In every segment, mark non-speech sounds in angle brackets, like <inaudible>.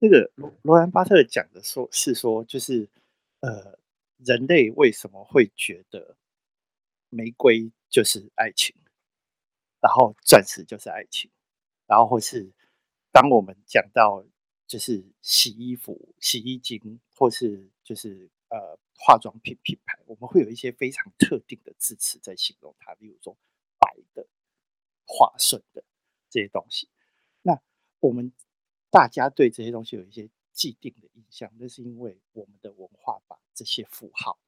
那個羅羅蘭巴特講的說，是說就是，呃，人類為什麼會覺得玫瑰就是愛情，然後鑽石就是愛情，然後或是當我們講到就是洗衣服、洗衣精，或是就是呃化妝品品牌，我們會有一些非常特定的字詞在形容它，例如說白的、化順的這些東西。那我們。大家對這些東西有一些既定的印象，那是因為我們的文化把這些符號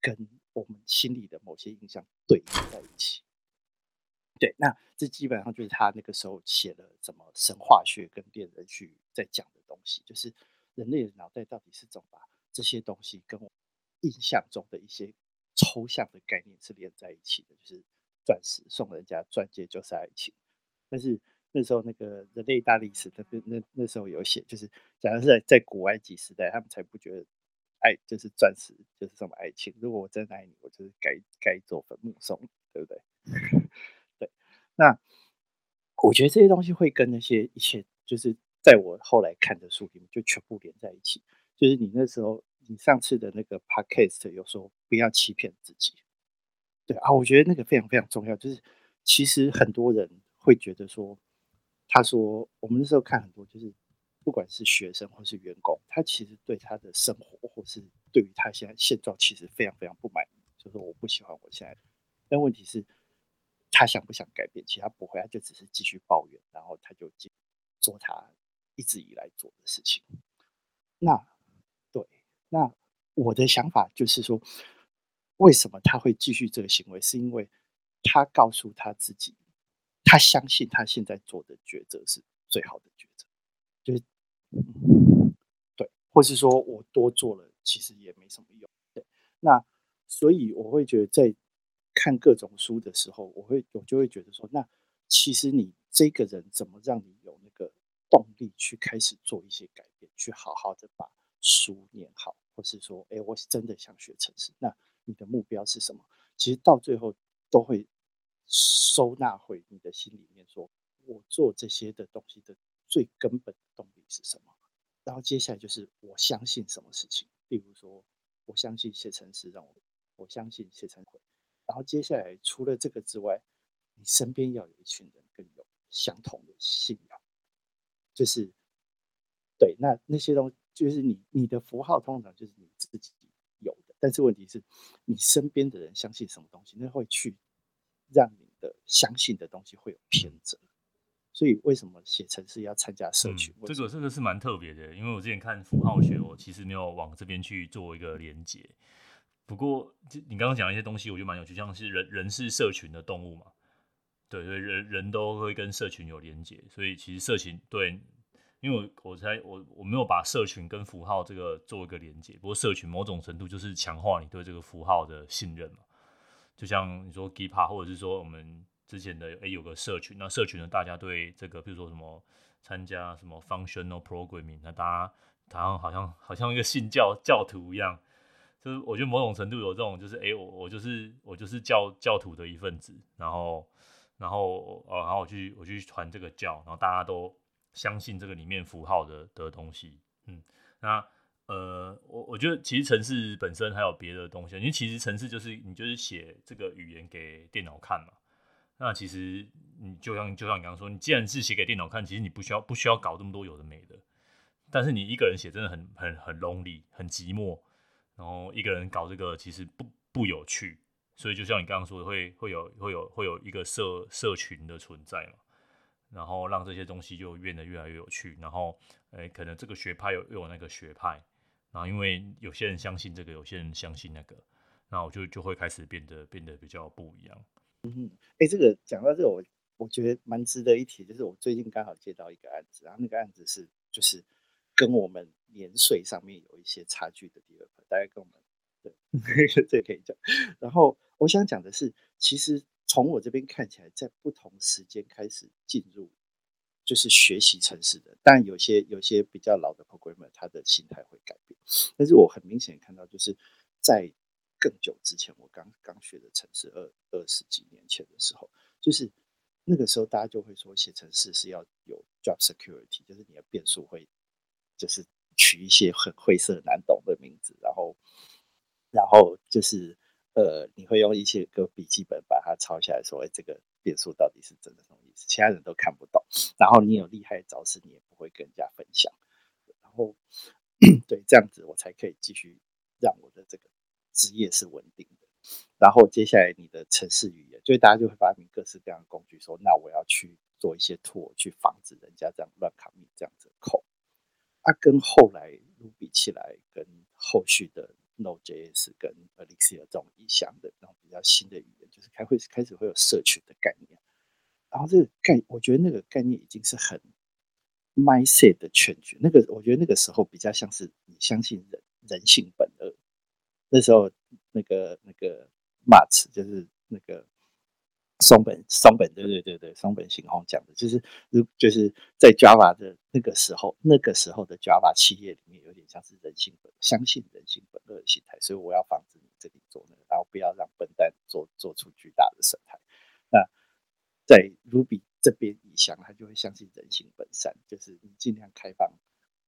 跟我們心裡的某些印象對應在一起。對，那這基本上就是他那個時候寫了什麼神話學跟別人去在講的東西，就是人類的腦袋到底是怎麼把這些東西跟我印象中的一些抽象的概念是連在一起的，就是鑽石，送人家鑽戒就是愛情，但是。那時候那個人類大歷史，的，那那時候有寫，就是假如是在在古埃及時代，他們才不覺得愛就是鑽石就是什麼愛情。如果我真愛你，我就是該該做墳墓送，對不對？ <laughs> 對，那我覺得這些東西會跟那些一切，就是在我後來看的書裡面，就全部連在一起。就是你那時候，你上次的那個 podcast 有說不要欺騙自己，對啊，我覺得那個非常非常重要。就是其實很多人會覺得說。他說：“我們那時候看很多，就是不管是學生或是員工，他其實對他的生活，或是對於他現在現狀，其實非常非常不滿。就是我不喜歡我現在。但問題是，他想不想改變？其他不會，他就只是繼續抱怨，然後他就繼續做他一直以來做的事情。那對，那我的想法就是說，為什麼他會繼續這個行為？是因為他告訴他自己。”他相信他現在做的抉擇是最好的抉擇，就是嗯對，或是說我多做了，其實也沒什麼用。對，那所以我會覺得，在看各種書的時候，我會我就會覺得說，那其實你這個人怎麼讓你有那個動力去開始做一些改變，去好好的把書念好，或是說，哎，我真的想學程式。那你的目標是什麼？其實到最後都會。收納回你的心裡面說我做這些的東西的最根本動力是什麼？然後接下來就是我相信什麼事情，比如說我相信寫程式讓我我相信寫程會。然後接下來除了這個之外，你身邊要有一群人跟你有相同的信仰，就是對那那些東西，就是你你的符號通常就是你自己有的，但是問題是你身邊的人相信什麼東西，那會去。讓你的相信的東西會有偏折，所以為什麼寫程式要參加社群？嗯，這個這個是蠻特別的，因為我之前看符號學，我其實沒有往這邊去做一個連接。不過你剛剛講一些東西，我就蠻有趣，像是人，人是社群的動物嘛，對，人人都會跟社群有連接。所以其實社群對，因為我我猜我我沒有把社群跟符號這個做一個連接。不過社群某種程度就是強化你對這個符號的信任嘛。就像你說 GitHub 或者是說我們之前的，誒、欸，有個社群，那社群呢，大家對這個，比如說什麼參加什麼 functional programming，那大家好像好像好像一個信教教徒一樣，就是我覺得某種程度有這種，就是誒、欸，我我就是我就是教教徒的一份子，然後然後呃，然後我去我去傳這個教，然後大家都相信這個裡面符號的的東西，嗯那。呃，我我覺得其實程式本身還有別的東西，因為其實程式就是你就是寫這個語言給電腦看嘛。那其實你就像就像你剛剛說，你既然是寫給電腦看，其實你不需要不需要搞這麼多有的沒的。但是你一個人寫真的很很很 lonely，很寂寞。然後一個人搞這個其實不不有趣，所以就像你剛剛說的，會會有會有會有一個社社群的存在嘛。然後讓這些東西就變得越來越有趣。然後誒、欸，可能這個學派有又，又有那個學派。啊，因為有些人相信這個，有些人相信那個，然後，就就會開始變得變得比較不一樣。嗯，哎、欸，這個講到這個，我我覺得蠻值得一提，就是我最近剛好接到一個案子，然後那個案子是就是跟我們年歲上面有一些差距的地方，大家跟我們對， <laughs> 這個可以講。然後我想講的是，其實從我這邊看起來，在不同時間開始進入。就是學習程式的，但有些有些比較老的 programmer，他的心態會改變。但是我很明顯看到，就是在更久之前，我剛剛學的程式二二十幾年前的時候，就是那個時候大家就會說，寫程式是要有 job security，就是你的變數會，就是取一些很晦澀難懂的名字，然後然後就是呃，你會用一些個筆記本把它抄下來，所謂這個。變數到底是真的什麼意思？其他人都看不懂。然後你有厲害的招式，你也不會跟人家分享。然後 <coughs> 對這樣子，我才可以繼續讓我的這個職業是穩定的。然後接下來你的程式語言，所以大家就會發明各式各樣的工具說，說那我要去做一些托，去防止人家這樣亂卡議，這樣子的扣。啊，跟後來盧比起來，跟後續的。Node.js 跟 Elixir 這種意向的，那種比較新的語言，就是開會開始會有社群的概念。然後這個概，我覺得那個概念已經是很 Myth 的全局。那個我覺得那個時候比較像是你相信人人性本惡。那時候那個那個 Much 就是那個。松本松本，對對對對，松本行弘講的就是如就是在 Java 的那個時候，那個時候的 Java 企業裡面有點像是人性本，相信人性本惡的心態，所以我要防止你這裡做那個，然後不要讓笨蛋做做出巨大的損害。那在 Ruby 這邊你想，他就會相信人性本善，就是你盡量開放，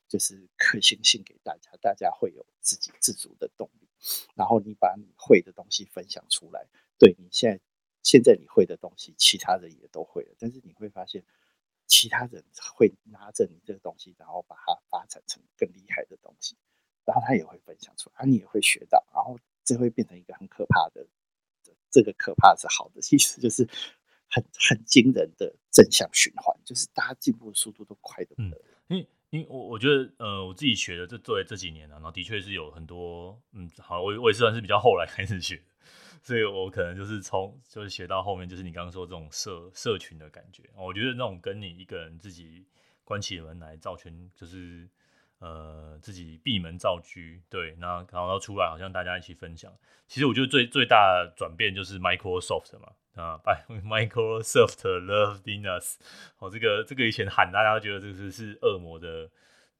就是可行性給大家，大家會有自給自足的動力，然後你把你會的東西分享出來，對你現在。現在你會的東西，其他人也都會了。但是你會發現，其他人會拿着你這個東西，然後把它發展成更厲害的東西，然後他也會分享出來，然後你也會學到，然後這會變成一個很可怕的。這個可怕是好的，其實就是很很驚人的正向循環，就是大家進步的速度都快得不得了。因我我覺得，呃，我自己學的這作為這幾年呢、啊，然後的確是有很多，嗯，好，我我也是算是比較後來開始學的，所以我可能就是從就是學到後面，就是你剛剛說這種社社群的感覺，我覺得那種跟你一個人自己關起門來造群，就是。呃，自己閉門造車，對，那然後然後出來好像大家一起分享。其實我覺得最最大的轉變就是 Microsoft 嘛，啊 <laughs> ，Microsoft loves Linux，哦，這個這個以前喊大家覺得這是是惡魔的，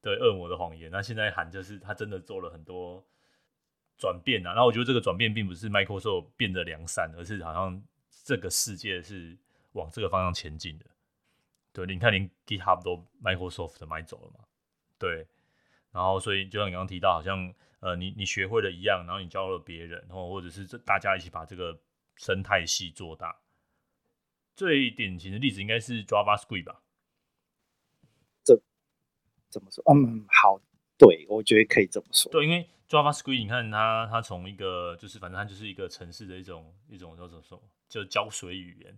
對，惡魔的謊言。那現在喊就是他真的做了很多轉變啊。然後我覺得這個轉變並不是 Microsoft 變得良善，而是好像這個世界是往這個方向前進的。對，你看連 GitHub 都 Microsoft 買走了嘛，對。然後，所以就像你剛剛提到，好像呃，你你學會了一樣，然後你教了別人，然後或者是這大家一起把這個生態系做大。最典型的例子應該是 JavaScript 吧？這怎麼說？嗯，好，對，我覺得可以這麼說。對，因為 JavaScript 你看它它從一個就是反正它就是一個城市的一種一種叫什麼什麼叫膠水語言，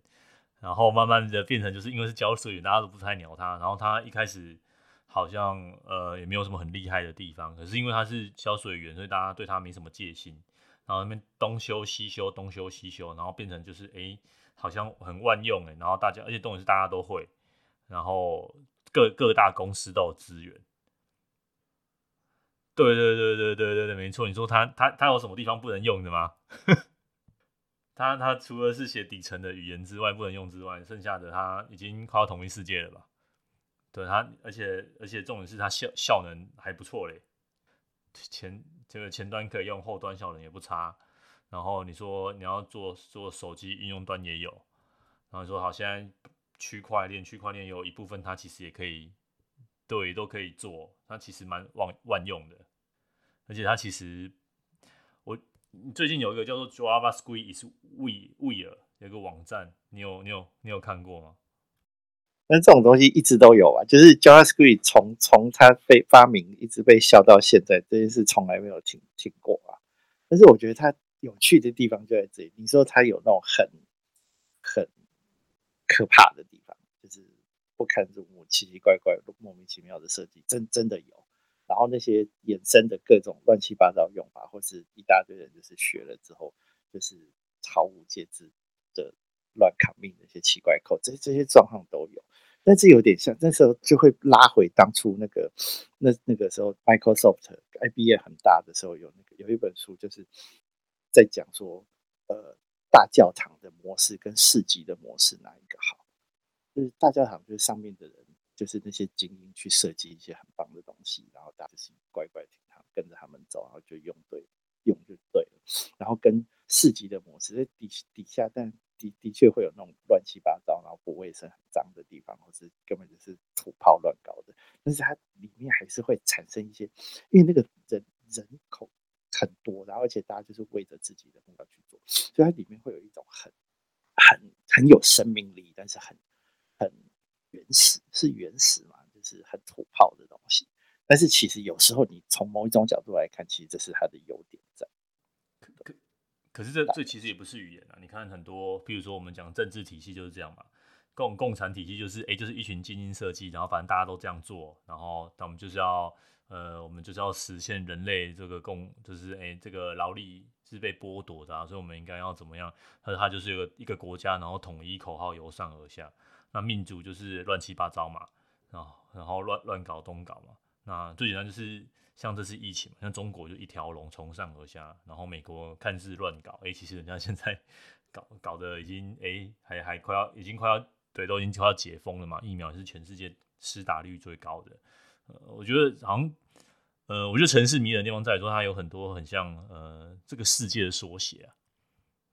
然後慢慢的變成就是因為是膠水語，大家都不太鳥它，然後它一開始。好像呃也沒有什麼很厲害的地方，可是因為它是膠水語言，所以大家對他沒什麼戒心。然後那邊東修西修，東修西修，然後變成就是哎，好像很萬用誒，然後大家，而且重點是大家都會，然後各各大公司都有資源。對對對對對對對，沒錯。你說他他他有什麼地方不能用的嗎？ <laughs> 他他除了是寫底層的語言之外不能用之外，剩下的他已經快要統一世界了吧？對它，而且而且重點是它效效能還不錯嘞，前這個前端可以用，後端效能也不差。然後你說你要做做手機應用端也有，然後說好現在區塊鏈區塊鏈有一部分它其實也可以，對，都可以做，它其實蠻萬萬用的。而且它其實我最近有一個叫做 JavaScript is Weird 有個網站，你有你有你有看過嗎？但這種東西一直都有啊，就是 JavaScript 從從它被發明一直被笑到現在，這件事從來沒有停停過啊。但是我覺得它有趣的地方就在這裡，你說它有那種很很可怕的地方，就是不堪入目、奇奇怪怪、莫名其妙的設計，真真的有。然後那些衍生的各種亂七八糟用法，或是一大堆人就是學了之後就是毫無節制的亂砍命的一些奇怪 code，這些這些狀況都有。但是有點像，那時候就會拉回當初那個那那個時候，Microsoft、IBM 很大的時候，有那個有一本書就是在講說，呃，大教堂的模式跟市集的模式哪一個好？就是大教堂就是上面的人，就是那些精英，去設計一些很棒的東西，然後大家就是乖乖聽他，跟着他們走，然後就用對。然後跟市集的模式，底底下，但的的確會有那種亂七八糟，然後不衛生、很髒的地方，或是根本就是土炮亂搞的。但是它裡面還是會產生一些，因為那個人人口很多，然後而且大家就是為着自己的目標去做，所以它裡面會有一種很、很、很有生命力，但是很、很原始，是原始嘛，就是很土炮的東西。但是其實有時候你從某一種角度來看，其實這是它的優點在。可是這這其實也不是語言啊！你看很多，比如說我們講政治體系就是這樣嘛，共共產體系就是誒，就是一群精英設計，然後反正大家都這樣做，然後我們就是要呃我們就是要實現人類這個共就是誒，這個勞力是被剝奪的啊，所以我們應該要怎麼樣？他說他就是一個一個國家，然後統一口號由上而下，那民主就是亂七八糟嘛，然後然後亂亂搞東搞嘛，那最簡單就是。像這次疫情，像中國就一條龍從上而下，然後美國看似亂搞，哎、欸，其實人家現在搞搞得已經哎、欸，還還快要已經快要對，都已經快要解封了嘛。疫苗是全世界施打率最高的。呃、我覺得好像呃，我覺得程式迷人的地方在於說它有很多很像呃這個世界的縮寫、啊、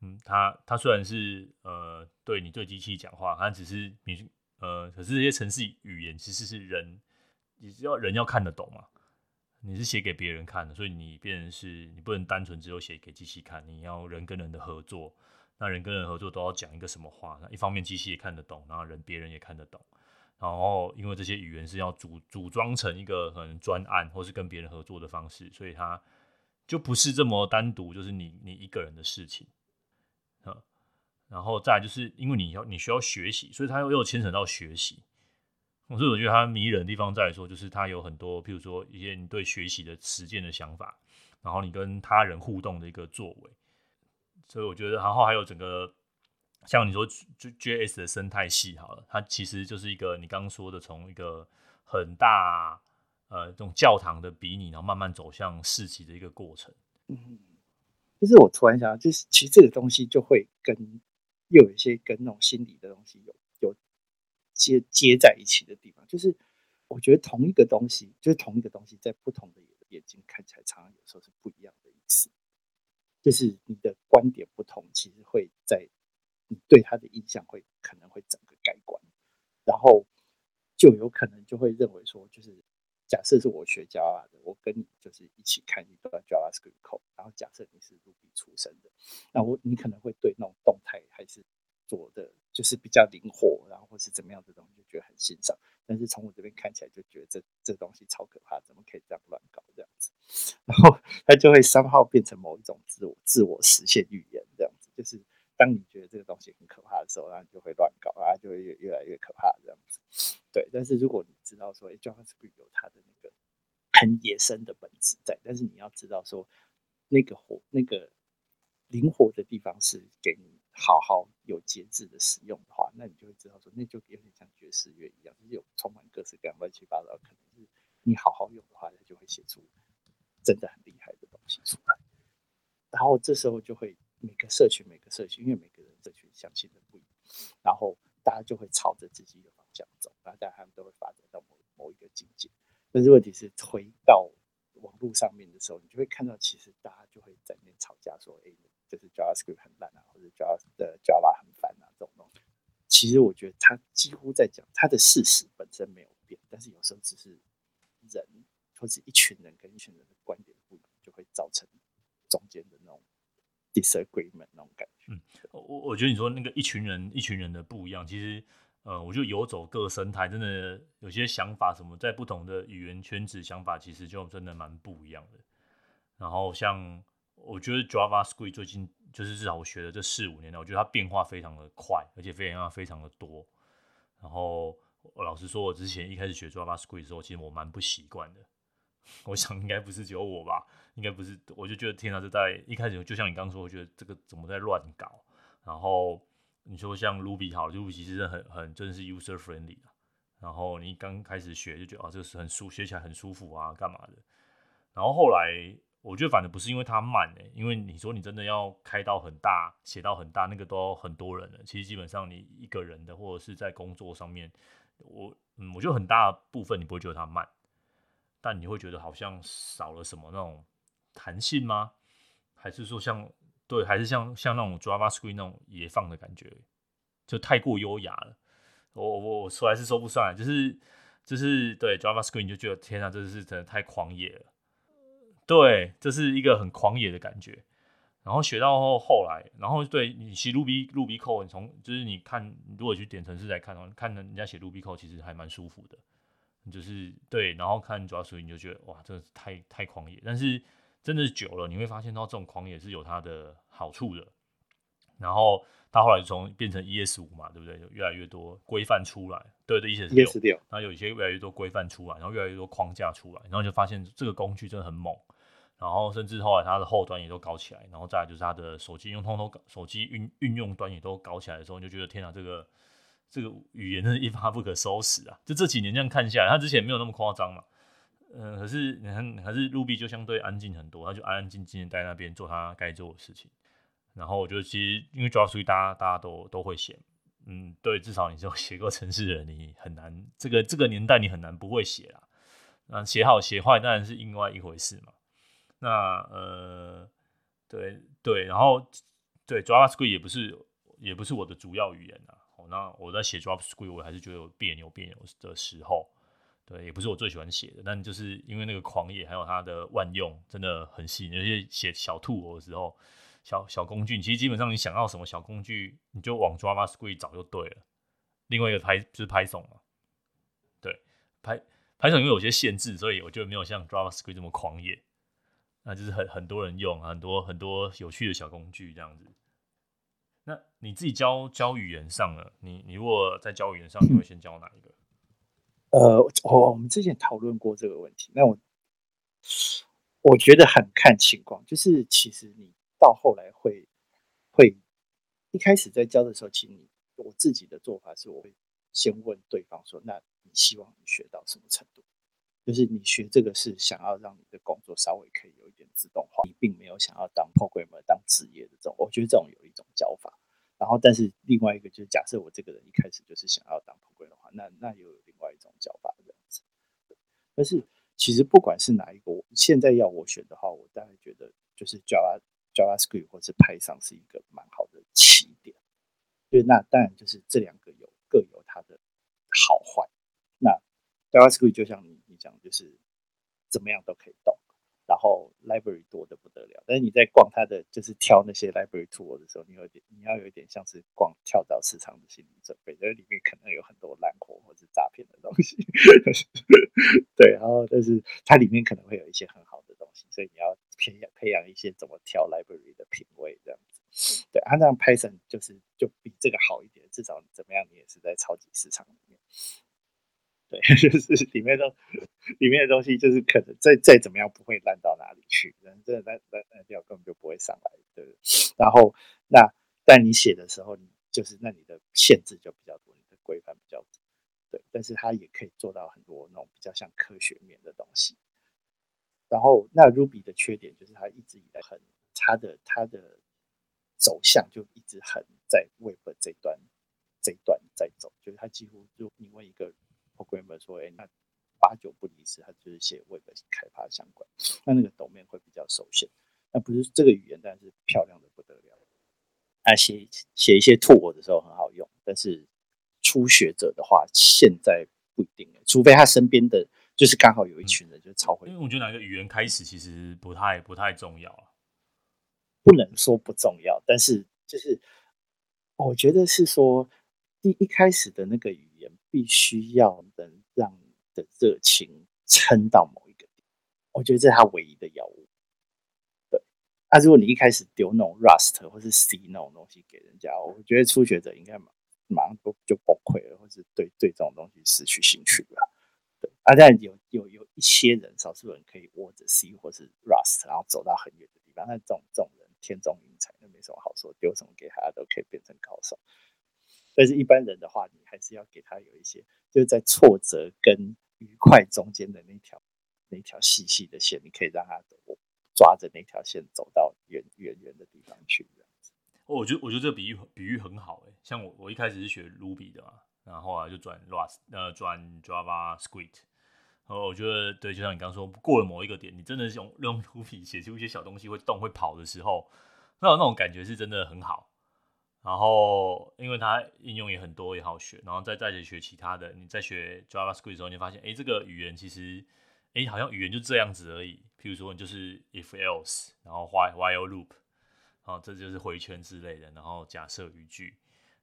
嗯，它它雖然是呃對你對機器講話，它只是你呃，可是這些程式語言其實是人，也是要人要看得懂嘛。你是寫給別人看的，所以你變成是，你不能單純只有寫給機器看，你要人跟人的合作。那人跟人合作都要講一個什麼話？那一方面機器也看得懂，然後人別人也看得懂。然後因為這些語言是要組組裝成一個可能專案或是跟別人合作的方式，所以它就不是這麼單獨，就是你你一個人的事情。然後再來就是因為你要你需要學習，所以它又又牽扯到學習。所以我是覺得它迷人的地方在說，就是它有很多，譬如說一些你對學習的實踐的想法，然後你跟他人互動的一個作為。所以我覺得，然後還有整個像你說就 JS 的生態系好了，它其實就是一個你剛剛說的，從一個很大呃這種教堂的比擬，然後慢慢走向市集的一個過程。嗯，就是我突然想到，就是其實這個東西就會跟又有一些跟那種心理的東西有關。接接在一起的地方，就是我覺得同一個東西，就是同一個東西，在不同的眼睛看起來，常常有時候是不一樣的意思。就是你的觀點不同，其實會在你對他的印象會可能會整個改觀，然後就有可能就會認為說，就是假設是我學 Java 的，我跟你就是一起看一段 JavaScript code，然後假設你是 Ruby 出身的，那我你可能會對那種動態還是做的。就是比較靈活，然後或是怎麼樣的東西就覺得很欣賞。但是從我這邊看起來，就覺得這這東西超可怕，怎麼可以這樣亂搞這樣子？然後他就會三號變成某一種自我自我實現預言，這樣子，就是當你覺得這個東西很可怕的時候，然後就會亂搞，然後就會越越來越可怕這樣子。對。但是如果你知道說，哎、欸、，JavaScript 有他的那個很野生的本質在，但是你要知道說，那個活那個靈活的地方是給你。好好有節制的使用的話，那你就會知道說，那就有點像爵士樂一樣，就是，有充滿各式各樣、亂七八糟。可能你你好好用的話，它就會寫出真的很厲害的東西出來。然後這時候就會每個社群，每個社群，因為每個人社群相信的不一樣，然後大家就會朝着自己的方向走，然後大家都會發展到某某一個境界。但如果你是問題是，回到網絡上面的時候，你就會看到，其實大家。其實我覺得他幾乎在講他的事實本身沒有變，但是有時候只是人或者一群人跟一群人的觀點不同，就會造成中間的那種 disagreement 那種感覺。嗯，我我覺得你說那個一群人一群人的不一樣，其實呃，我就游走各生態，真的有些想法什麼，在不同的語言圈子，想法其實就真的蠻不一樣的。然後像我覺得 JavaScript 最近就是至少我學的這四五年來，我覺得它變化非常的快。而且廢話非常的多，然後老實說，我之前一開始學 JavaScript 的時候，其實我蠻不習慣的。我想應該不是只有我吧，應該不是，我就覺得天哪、啊，是在一開始，就像你剛說，我覺得這個怎麼在亂搞？然後你說像 Ruby 好，Ruby 其實是很很真的、就是 user friendly，然後你剛開始學就覺得啊，這個是很舒，學起來很舒服啊，幹嘛的？然後後來。我覺得反正不是因為它慢、欸、因為你說你真的要開到很大、寫到很大，那個都很多人了。其實基本上你一個人的或者是在工作上面，我嗯，我覺得很大的部分你不會覺得它慢，但你會覺得好像少了什麼那種彈性嗎？還是說像對，還是像像那種 driver screen 那種野放的感覺，就太過優雅了。我我我說還是說不上來，就是就是對 driver screen 就覺得天啊，真的是真的太狂野了。對，這是一個很狂野的感覺。然後學到後後來，然後對你寫 Ruby Ruby code，你從就是你看，你如果去點程式來看，看人家寫 Ruby code，其實還蠻舒服的。就是對，然後看主要所以你就覺得哇，這個太太狂野。但是真的久了，你會發現到這種狂野是有它的好處的。然後到後來就從變成 ES5 嘛，對不對？就越來越多規範出來。對對，ES6。ES6，ES6。然後有一些越來越多規範出來，然後越來越多框架出來，然後就發現這個工具真的很猛。然後甚至後來他的後端也都搞起來，然後再來就是他的手機用通通搞手機運運用端也都搞起來的時候，你就覺得天哪，這個這個語言真是一發不可收拾啊！就這幾年這樣看下來，他之前沒有那麼誇張嘛。嗯、呃，可是，還是 Ruby 就相對安靜很多，他就安安靜靜待在那邊做他該做的事情。然後我覺得其實因為 JavaScript，大家大家都都會寫，嗯，對，至少你是有寫過程式的人，你很難這個這個年代你很難不會寫啦。那、啊、寫好寫壞當然是另外一回事嘛。那呃，對對，然後對，JavaScript 也不是也不是我的主要語言啦、啊。哦，那我在寫 JavaScript，我還是覺得有彆扭彆扭的時候。對，也不是我最喜歡寫的，但就是因為那個狂野，還有它的萬用，真的很吸引。而且寫小兔鵝的時候，小小工具，其實基本上你想要什麼小工具，你就往 JavaScript 找就對了。另外一個拍就是 Python 嘛，對，Py Python 因為有些限制，所以我就沒有像 JavaScript 這麼狂野。那就是很很多人用很多很多有趣的小工具這樣子。那你自己教教語言上了，你你如果在教語言上，你會先教哪一個？嗯、呃，我我們之前討論過這個問題。那我我覺得很看情況，就是其實你到後來會會一開始在教的時候，其實，我自己的做法是我會先問對方說，那你希望你學到什麼程度？就是你學這個是想要讓你的工作稍微可以有一點自動化，你並沒有想要當 programmer 當職業的這種。我覺得這種有一種教法。然後，但是另外一個就是假設我這個人一開始就是想要當 programmer 的話，那那又有另外一種教法這樣子。但是其實不管是哪一個我，我現在要我選的話，我大概覺得就是 Java JavaScript 或是 Python 是一個蠻好的起點。對，那當然就是這兩個有各有它的好壞。那 JavaScript 就像你。講就是怎麼樣都可以動，然後 library 多得不得了。但是你在逛它的，就是挑那些 library tour 的時候，你有點你要有一點像是逛跳蚤市場的心理準備，因為裡面可能有很多爛貨或者詐騙的東西。 <laughs> 對，然後但是它裡面可能會有一些很好的東西，所以你要培養培養一些怎麼挑 library 的品味這樣子。對，而、啊、那 Python 就是就比這個好一點，至少怎麼樣你也是在超級市場裡面。對，就是裡面的東西，裡面的東西就是可能再再怎麼樣不會爛到哪裡去，那真的爛爛爛掉根本就不會上來，對。然後那但你寫的時候，就是那你的限制就比較多，你的規範比較多，對。但是他也可以做到很多那種比較像科學面的東西。然後那 Ruby 的缺點就是他一直以來很他的他的走向就一直很在 Web 這段這一段在走，就是他幾乎就，因為一個我跟你們說：“哎、欸，那八九不離十，他就是寫 Web 開發相關。那那個 domain 會比較熟悉。那不是這個語言，但是漂亮的不得了。啊，寫寫一些 tool 的時候很好用。但是初學者的話，現在不一定。除非他身邊的就是剛好有一群人就超會、嗯。因為我覺得哪個語言開始其實不太不太重要、啊、不能說不重要，但是就是我覺得是說一,一開始的那個語言。”必須要能讓你的熱情撐到某一個地點，我覺得這是他唯一的要務。對、啊，如果你一開始丟那種 Rust 或是 C 那種東西給人家，我覺得初學者應該馬上就就崩潰了，或是對對這種東西失去興趣了。對，啊，但有有有一些人，少數人可以握着 C 或是 Rust，然後走到很遠的地方。那這種這種人天縱英才，那沒什麼好說，丟什麼給他都可以變成高手。但是一般人的話，你還是要給他有一些，就是在挫折跟愉快中間的那條那條細細的線，你可以讓他走，抓着那條線走到遠遠遠的地方去，這樣子。哦，我我覺得我覺得這個比喻比喻很好誒、欸，像我我一開始是學 Ruby 的嘛，然後啊就轉 Rust，呃轉 JavaScript，然後我覺得對，就像你剛剛說，過了某一個點，你真的是用用 Ruby 寫出一些小東西會動會跑的時候，那那種感覺是真的很好。然後，因為它應用也很多，也好學。然後再再去學其他的，你在學 JavaScript 的時候，你就發現，誒這個語言其實，誒好像語言就這樣子而已。譬如說，你就是 if else，然後 while loop，啊，這就是回圈之類的。然後假設語句，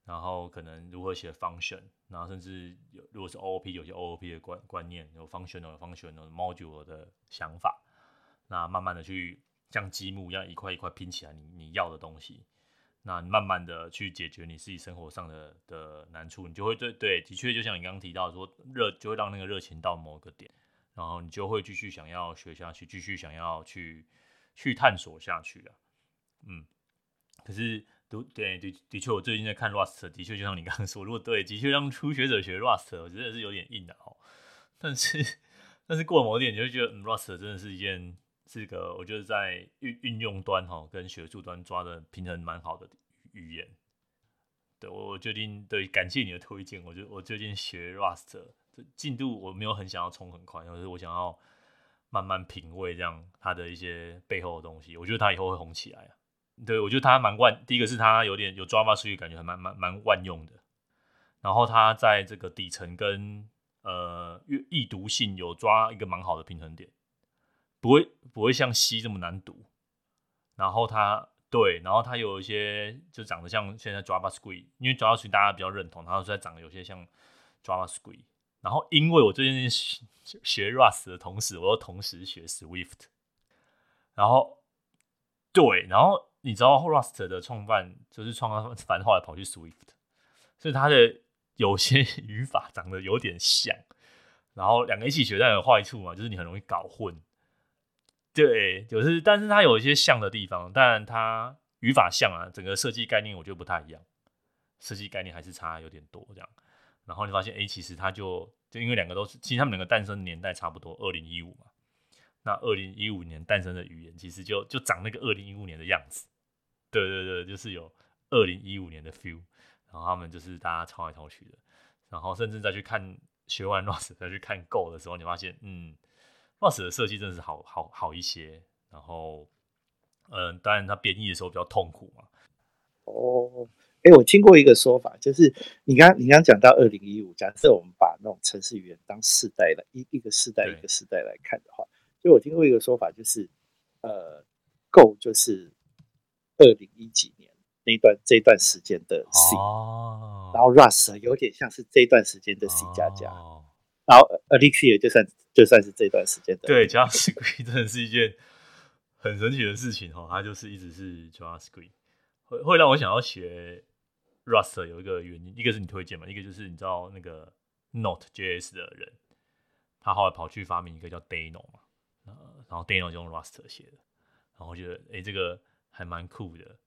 然後可能如何寫 function，然後甚至有，如果是 OOP，有些 OOP 的觀觀念，有 functional，有 functional module 的想法。那慢慢的去像積木一樣一塊一塊拼起來你，你你要的東西。那你慢慢的去解決你自己生活上的的難處，你就會對對，的確就像你剛剛提到說熱，就會讓那個熱情到某個點，然後你就會繼續想要學下去，繼續想要去去探索下去了。嗯，可是讀對的，的確，我最近在看 Rust，的確就像你剛剛說，如果對，的確讓初學者學 Rust，我覺得是有點硬的，啊，哦。但是但是過了某點，你會覺得，嗯，Rust 真的是一件。這個我就是個，我覺得在運運用端哈、哦、跟學術端抓的平衡蠻好的語言。對，我最近對，感謝你的推薦，我就我最近學 Rust，進度我沒有很想要衝很快，而、就是我想要慢慢品味這樣它的一些背後的東西。我覺得它以後會紅起來。對我覺得它蠻萬，第一個是它有點有抓把數據感覺還蠻蠻蠻萬用的，然後它在這個底層跟呃易易讀性有抓一個蠻好的平衡點。不會不會像 C 這麼難讀，然後它對，然後它有一些就長得像現在 JavaScript 因為 JavaScript 大家比較認同，然後在長得有些像 JavaScript 然後因為我最近學,學 Rust 的同時，我又同時學 Swift，然後對，然後你知道 Rust 的創辦就是創辦繁華後來跑去 Swift，所以它的有些語法長得有點像，然後兩個一起學但有壞處嘛，就是你很容易搞混。對，就是，但是它有一些像的地方，但它語法像啊，整個設計概念我覺得不太一樣，設計概念還是差有點多這樣。然後你發現，誒，其實它就就因為兩個都是，其實他們兩個誕生年代差不多，二零一五嘛。那二零一五年誕生的語言，其實就就長那個二零一五年的樣子。對對對，就是有二零一五年的 feel。然後他們就是大家抄來抄去的。然後甚至再去看學完 Rust 再去看 Go 的時候，你發現，嗯。Rust 的設計真的是好好好一些，然後，嗯、呃，當然它編譯的時候比較痛苦嘛。哦，哎，我聽過一個說法，就是你剛你剛講到二零一五，假設我們把那種程式語言當世代來一一個世代一個世代，對一個世代來看的話，就我聽過一個說法，就是呃，Go 就是二零一幾年那段這段時間的 C，oh。然後 Rust 有點像是這段時間的 C 加加。Oh。然後 Elixir 就算就算是這段時間的對 JavaScript 真的是一件很神奇的事情哦，它就是一直是 JavaScript 會會讓我想要學 Rust 有一個原因，一個是你推薦嘛，一個就是你知道那個 Node.js 的人，他後來跑去發明一個叫 Deno 嘛，然後 Deno 就用 Rust 寫的，然後我覺得誒這個還蠻酷的，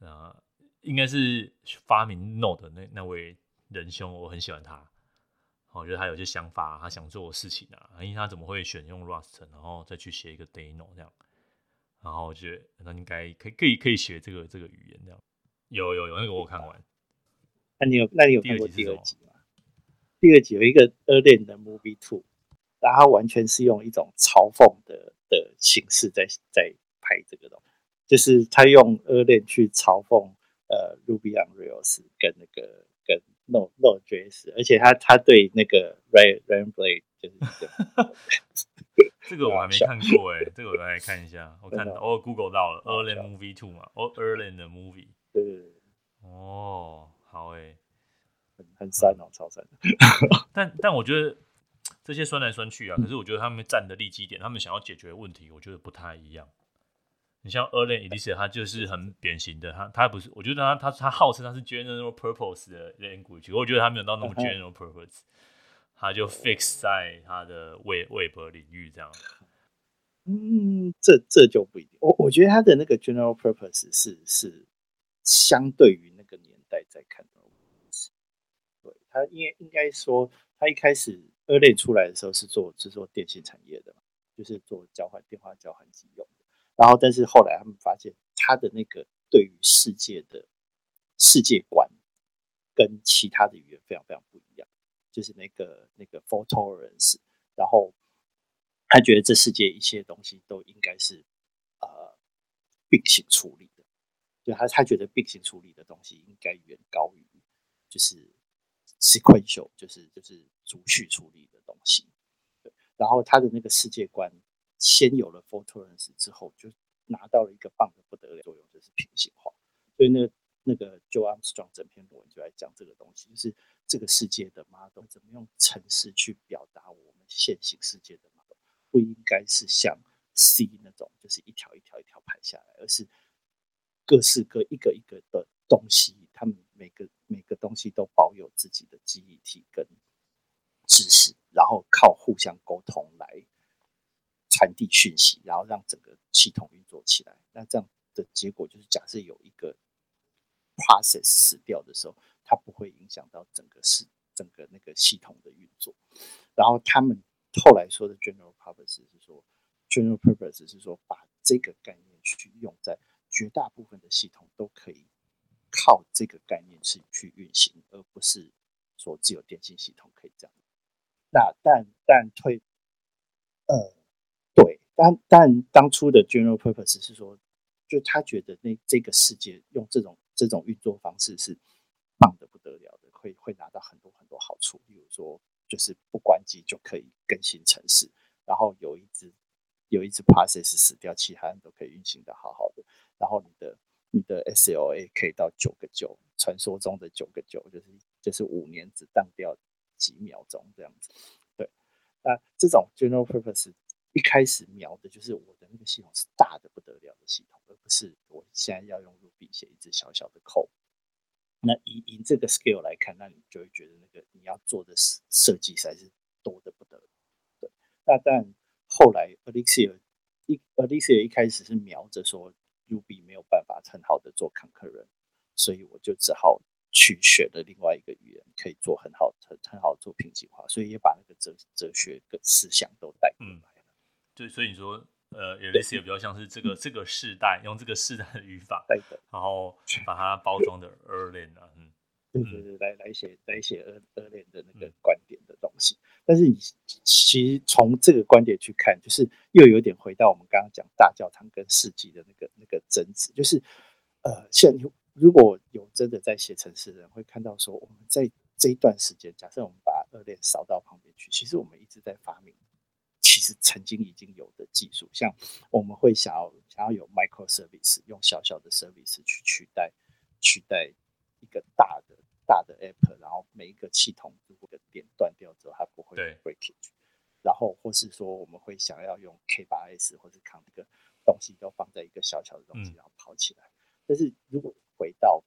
呃，應該是發明 Node 那那位仁兄，我很喜歡他。我覺得他有些想法，啊，他想做的事情啊，因為他怎麼會選用 Rust，然後再去寫一個 Deno 這樣？然後我覺得那應該可以可以可以寫這個這個語言這樣。有有有，那個我看完。那，嗯啊，你有那你有看過第二集嗎？啊？第二集有一個 Erlang 的 movie two，然後它完全是用一種嘲諷的的形式在在拍這個東西，就是他用 Erlang 去嘲諷呃 Ruby on Rails 跟那個。no no 角色，而且他他對那個《Red Red Blade》就是這樣， <laughs> 這個我還沒看過哎、欸， <laughs> 這個我來看一下，我看到哦、oh，Google 到了《 <laughs> Erlang Movie two 嘛，哦 <laughs> 《Erlang》的 Movie，對對對，哦、oh, 欸，好誒很很酸哦、喔，超酸的， <laughs> <laughs> 但但我覺得這些酸來酸去啊，可是我覺得他們站的立基點，他們想要解決的問題，我覺得不太一樣。你像 Erlang Elixir 它就是很典型的，它它不是，我覺得它它它號稱它是 general purpose 的 language，我覺得它沒有到那麼 general purpose，它就 fix 在它的 web web 領域這樣。嗯，這這就不一定。我我覺得它的那個 general purpose 是是相對於那個年代在看的，對它，應該,應該說它一開始 Erlang 出來的時候是做制作、就是、電信產業的，就是做交換電話交換機用然後，但是後來他們發現，他的那個對於世界的世界觀，跟其他的語言非常非常不一樣。就是那個那個 fault tolerance，然後他覺得這世界一些東西都應該是呃並行處理的，就他他覺得並行處理的東西應該遠高於就是 sequential，就是就是逐序處理的東西。對，然後他的那個世界觀。先有了 p h o t o e n c 之後，就拿到了一個棒的不得了作用，就是平行化。所以那個、那個 Joe Armstrong 整篇論文就在講這個東西，就是這個世界的 model 怎麼用程式去表達我們現行世界的 model，不應該是像 C 那種,就是一條，一條一條一條排下來，而是各式各一個一個的東西，他們每個每個東西都保有自己的記憶體跟知識，然後靠互相溝通來。傳遞訊息，然後讓整個系統運作起來。那這樣的結果就是，假設有一個 process 死掉的時候，它不會影響到整個系整個那個系統的運作。然後他們後來說的 general purpose 是說 general purpose 是說把這個概念去用在絕大部分的系統都可以靠這個概念是去運行，而不是說只有電信系統可以這樣。那但但推呃。但但當初的 general purpose 是說，就他覺得那這個世界用這種這種運作方式是棒的不得了的，會會拿到很多很多好處。例如說，就是不關機就可以更新程式，然後有一支有一支 process 死掉，其他人都可以運行得好好的。然後你的你的 SLA 可以到九個九，傳說中的九個九，就是，就是就是五年只當掉幾秒鐘這樣子。對，那這種 general purpose。一開始瞄的就是我的那個系統是大的不得了的系統，而不是我現在要用 Ruby 寫一只小小的 code。那以以這個 scale 來看，那你就會覺得那個你要做的設設計才是多的不得了。對，那但後來 Elixir 一 Elixir 一開始是瞄着說 Ruby 沒有辦法很好的做 concurrent，所以我就只好去學了另外一個語言，可以做很好很很好做平行化，所以也把那個哲哲學跟思想都帶過來。嗯對，所以你說呃，也類似也比較像是這個對這個世代用這個世代的語法，對的，對然後去把它包裝的 Erlang 的，嗯，對對對來來寫來寫 Erlang 的那個觀點的東西。嗯、但是你其實從這個觀點去看，就是又有點回到我們剛剛講大教堂跟市集的那個那個爭執，就是呃，現在如果有真的在寫程式的人會看到說，我們在這一段時間，假設我們把 Erlang 掃到旁邊去，其實我們一直在發明。是曾經已經有的技術，像我們會想要想要有 micro service，用小小的 service 去取代取代一個大的大的 app，然後每一個系統如果的點斷掉之後，它不會 breakage。對然後或是說我們會想要用 k8s 或者扛這個東西，都放在一個小小的東西，然後跑起來。嗯、但是如果回到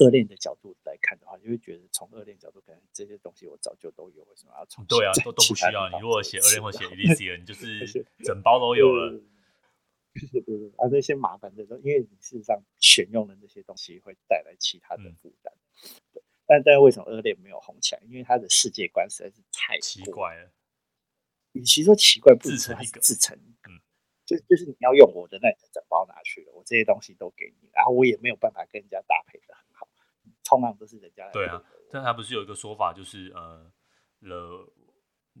Erlang 的角度，來看的話，就會覺得，從 Erlang 角度，可能這些東西我早就都有為什麼？要從，對啊，都都不需要。嗯啊、你如果寫 Erlang 或寫 E D C 了，你就是整包都有了對對對。不是不啊，那些麻煩的都，因為你事實上選用的那些東西會帶來其他的負擔。但、嗯、但為什麼 Erlang 沒有紅起來？因為他的世界觀實在是太奇怪了。與其說奇怪不，不如說他自成。 <noise> 嗯，就就是你要用我的，那你整包拿去了，我這些東西都給你，然後我也沒有辦法跟人家搭配的。通常都是人家對啊，但他不是有一個說法，就是呃，the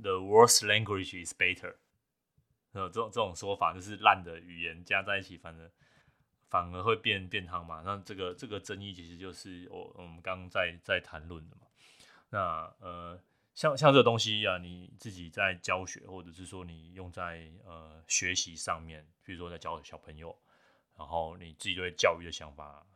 the worse language is better，呃，這種這種說法就是爛的語言加在一起，反正反而會變變湯嘛。那這個這個爭議其實就是我、哦、我們剛剛在在談論的嘛。那呃，像像這個東西啊，你自己在教學，或者是說你用在呃學習上面，比如說在教小朋友，然後你自己對教育的想法，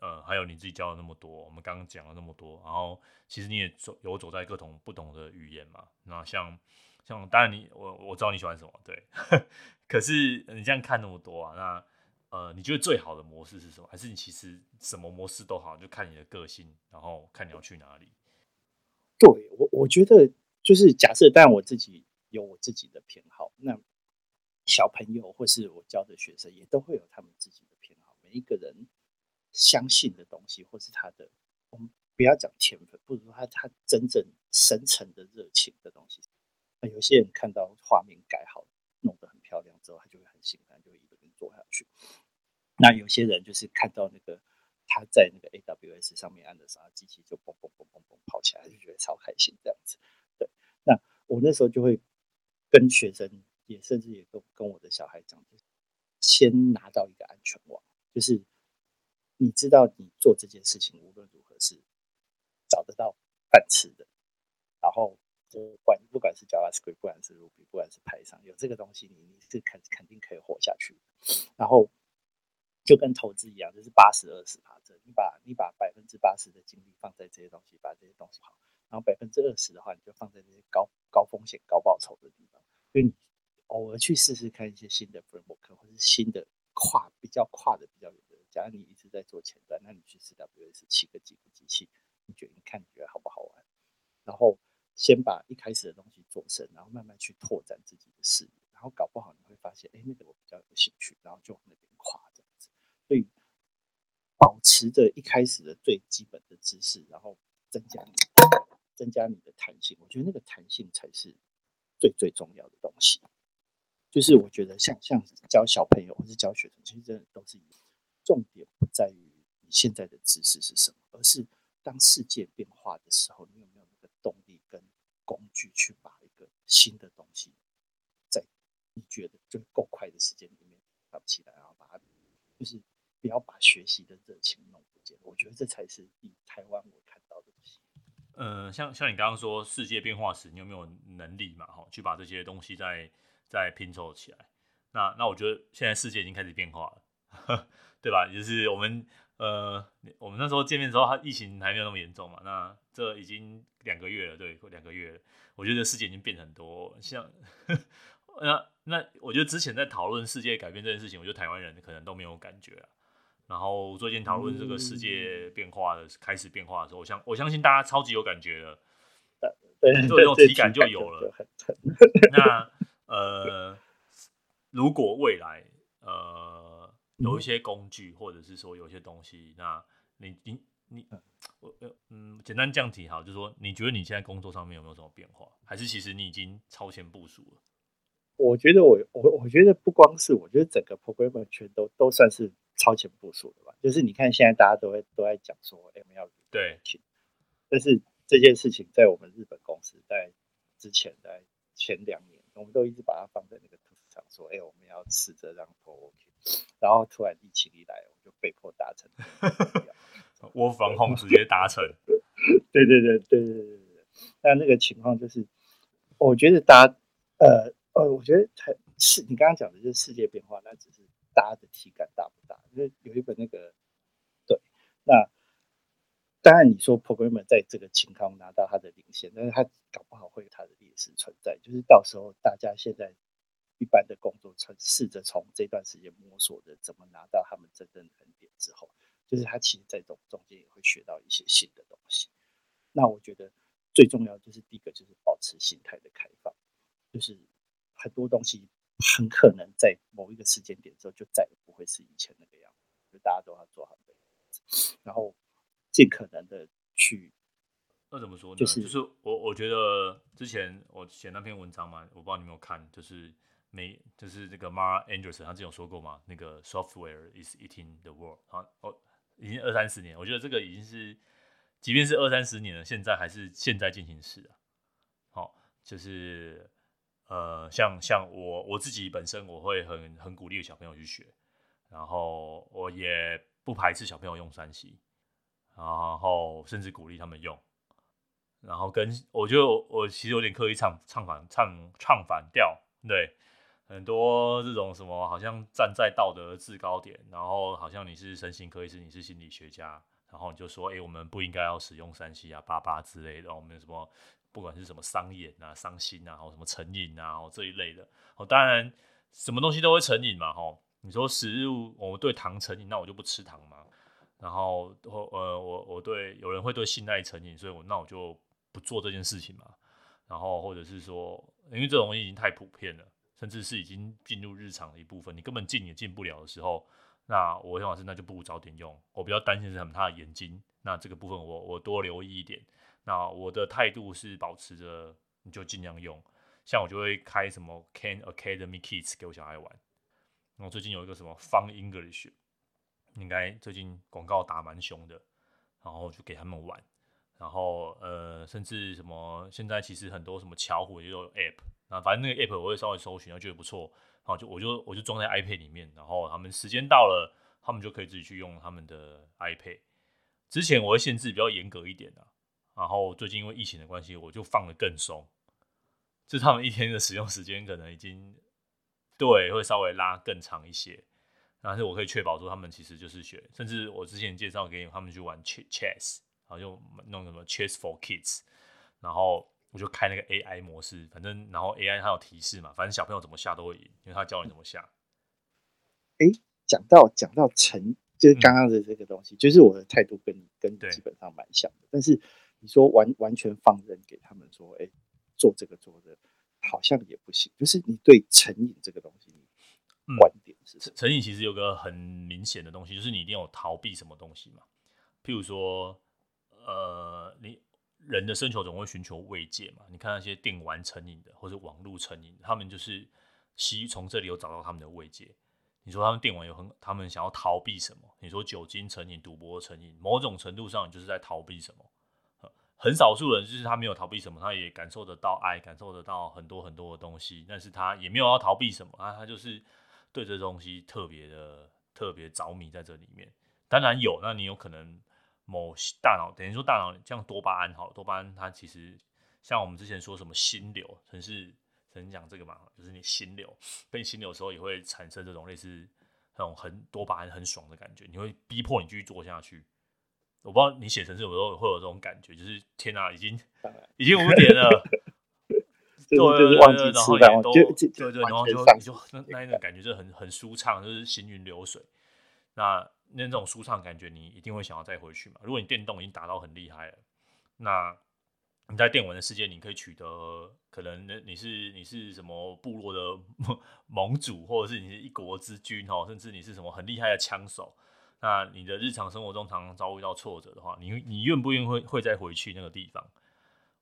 呃，還有你自己教了那麼多，我們剛剛講了那麼多，然後其實你也走有走在各種不同的語言嘛。那像像當然你我我知道你喜歡什麼，對呵呵。可是你這樣看那麼多啊，那呃，你覺得最好的模式是什麼？還是你其實什麼模式都好，就看你的個性，然後看你要去哪裡。對我我覺得就是假設，當然我自己有我自己的偏好。那小朋友或是我教的學生也都會有他們自己的偏好，每一個人。相信的東西，或是他的，我們不要講天分，不如說他他真正深層的熱情的東西。那有些人看到畫面改好，弄得很漂亮之後，他就會很興奮，就會一個人坐下去。那有些人就是看到那個他在那個 AWS 上面按的啥，機器就砰砰砰砰砰砰砰跑起來，就覺得超開心這樣子。對。那我那時候就會跟學生，也甚至也跟跟我的小孩講，就先拿到一個安全網，就是。你知道，你做這件事情無論如何是找得到飯吃的。然後，就，不管不管是 JavaScript，不管是 Ruby，不管是 Python，有這個東西，你你是肯肯定可以活下去。然後，就跟投資一樣，就是八十、二十趴。你把你把百分之八十的精力放在這些東西，把這些東西好，然後百分之二十的話，你就放在這些高高風險、高報酬的地方。就你偶爾去試試看一些新的 framework，或是新的跨比較跨的比較。假如你一直在做前端，那你去試 AWS 是是七個幾個機器，你覺得你看你覺得好不好玩？然後先把一開始的東西做深，然後慢慢去拓展自己的視野，然後搞不好你會發現，哎、欸，那個我比較有興趣，然後就往那邊跨這樣子。所以保持着一開始的最基本的知識，然後增加你增加你的彈性，我覺得那個彈性才是最最重要的東西。就是我覺得像像教小朋友或是教學生，其實真的都是一樣。重點不在於你現在的知識是什麼，而是當世界變化的時候，你有沒有那個動力跟工具去把一個新的東西，在你覺得就夠快的時間裡面起來，然後把它，就是不要把學習的熱情弄不見。我覺得這才是以台灣我看到的東西。嗯，呃，像像你剛剛說世界變化時，你有沒有能力嘛？哈，去把這些東西再再拼湊起來。那那我覺得現在世界已經開始變化了。 <laughs> 對吧？就是我們呃，我們那時候見面之後，他疫情還沒有那麼嚴重嘛。那這已經兩個月了，對，兩個月了。我覺得世界已經變很多，像那那，那我覺得之前在討論世界改變這件事情，我覺得台灣人可能都沒有感覺。然後最近討論這個世界變化的、嗯、開始變化的時候，我相我相信大家超級有感覺了，對對對，體、嗯、感就有了。 <laughs> 那呃，如果未來呃。有一些工具，或者是說有些東西，那你你你我嗯，簡單這樣提好，就是說你覺得你現在工作上面有沒有什麼變化？還是其實你已經超前部署了？我覺得我我我覺得不光是，我覺得整個 program 全都都算是超前部署的吧。就是你看現在大家都會都在講說哎，我們要對，但是這件事情在我們日本公司在之前在前兩年，我們都一直把它放在那個圖上說，哎，我們要吃這張圖 OK。然後突然疫情一來，我就被迫達成，我防空直接達成。對對對對對對對，但那個情況就是，我覺得搭呃呃，我覺得是你剛剛講的就是世界變化，那只是大家的體感大不大？因為有一本那個對，那當然你說 programmer 在這個情況拿到他的領先，但是他搞不好會有他的劣勢存在，就是到時候大家現在。一般的工作，從試着從這段時間摸索着怎麼拿到他們真正的痛點之後，就是他其實在中中間也會學到一些新的東西。那我覺得最重要的就是第一個就是保持心態的開放，就是很多東西很可能在某一個時間點之後就再也不會是以前那個樣子。所以大家都要做好，然後儘可能的去。那怎麼說呢？就是我我覺得之前我寫那篇文章嘛，我不知道你有沒有看，就是。沒，就是這個 Mar Anderson，他之前有說過嘛，那個 Software is eating the world，然後哦，已經二三十年了，我覺得這個已經是，即便是二三十年了，現在還是現在進行時啊。好、哦，就是呃，像像我我自己本身，我會很很鼓勵小朋友去學，然後我也不排斥小朋友用三 C，然後甚至鼓勵他們用，然後跟我覺得我我其實有點刻意唱唱反唱唱反調，對。很多這種什麼，好像站在道德制高點，然後好像你是身心科醫師，你是心理學家，然後你就說，哎、欸，我們不應該要使用 3C 啊、八八之類的，我們什麼不管是什麼傷眼啊、傷心啊，還有什麼成癮啊這一類的。哦，當然什麼東西都會成癮嘛，吼，你說食物，我對糖成癮，那我就不吃糖嘛。然後或呃，我我對有人會對性愛成癮，所以我那我就不做這件事情嘛。然後或者是說，因為這種東西已經太普遍了。甚至是已經進入日常的一部分，你根本進也進不了的時候，那我楊老師那就不如早點用。我比較擔心是什麼他的眼睛，那這個部分我我多留意一點。那我的態度是保持着，你就儘量用。像我就會開什麼 Khan Academy Kids 給我小孩玩。然後最近有一個什麼 Fun English，應該最近廣告打蠻凶的，然後就給他們玩。然後呃，甚至什麼現在其實很多什麼巧虎也有 App。啊，反正那個 app 我會稍微搜尋，然後覺得不錯，然後就我就我就裝在 iPad 裡面，然後他們時間到了，他們就可以自己去用他們的 iPad。之前我會限制比較嚴格一點的，啊，然後最近因為疫情的關係，我就放得更鬆，就他們一天的使用時間可能已經對會稍微拉更長一些，但是我可以確保說他們其實就是學，甚至我之前介紹給你他們去玩 ch chess，然後就弄什麼 chess for kids，然後。我就開那個 AI 模式，反正然後 AI 它有提示嘛，反正小朋友怎麼下都會贏，因為他教你怎麼下。哎、嗯，講、欸、到講到成，就是剛剛的這個東西，嗯、就是我的態度跟你跟你基本上蠻像的。對但是你說完完全放任給他們說，哎、欸，做這個做的好像也不行。就是你對成癮這個東西，你觀點是、嗯？成癮其實有個很明顯的東西，就是你一定要有逃避什麼東西嘛。譬如說，呃，你。人的生球總會尋求慰藉嘛，你看那些電玩成癮的，或者網絡成癮，他們就是吸從這裡有找到他們的慰藉。你說他們電玩有很，他們想要逃避什麼？你說酒精成癮、賭博成癮，某種程度上你就是在逃避什麼？很少數人就是他沒有逃避什麼，他也感受得到愛，感受得到很多很多的東西，但是他也沒有要逃避什麼啊，他就是對這東西特別的特別着迷在這裡面。當然有，那你有可能。某大腦等於說大腦這樣多巴胺，哈，多巴胺它其實像我們之前說什麼心流，城市曾經講這個嘛，就是你心流，跟你心流的時候也會產生這種類似那種很多巴胺很爽的感覺，你會逼迫你繼續做下去。我不知道你寫程式，有時候會有這種感覺，就是天哪、啊，已經已經五點了，就是忘記吃飯，然後都就就就對對，然後就你就那個感覺就很很舒暢，就是行雲流水。那。那種舒暢的感覺，你一定會想要再回去嘛？如果你電動已經打到很厲害了，那你在電玩的世界，你可以取得可能，那你是你是什麼部落的盟主，或者是你是一國之君哦，甚至你是什麼很厲害的槍手，那你的日常生活中常常遭遇到挫折的話，你你願不願意會會再回去那個地方？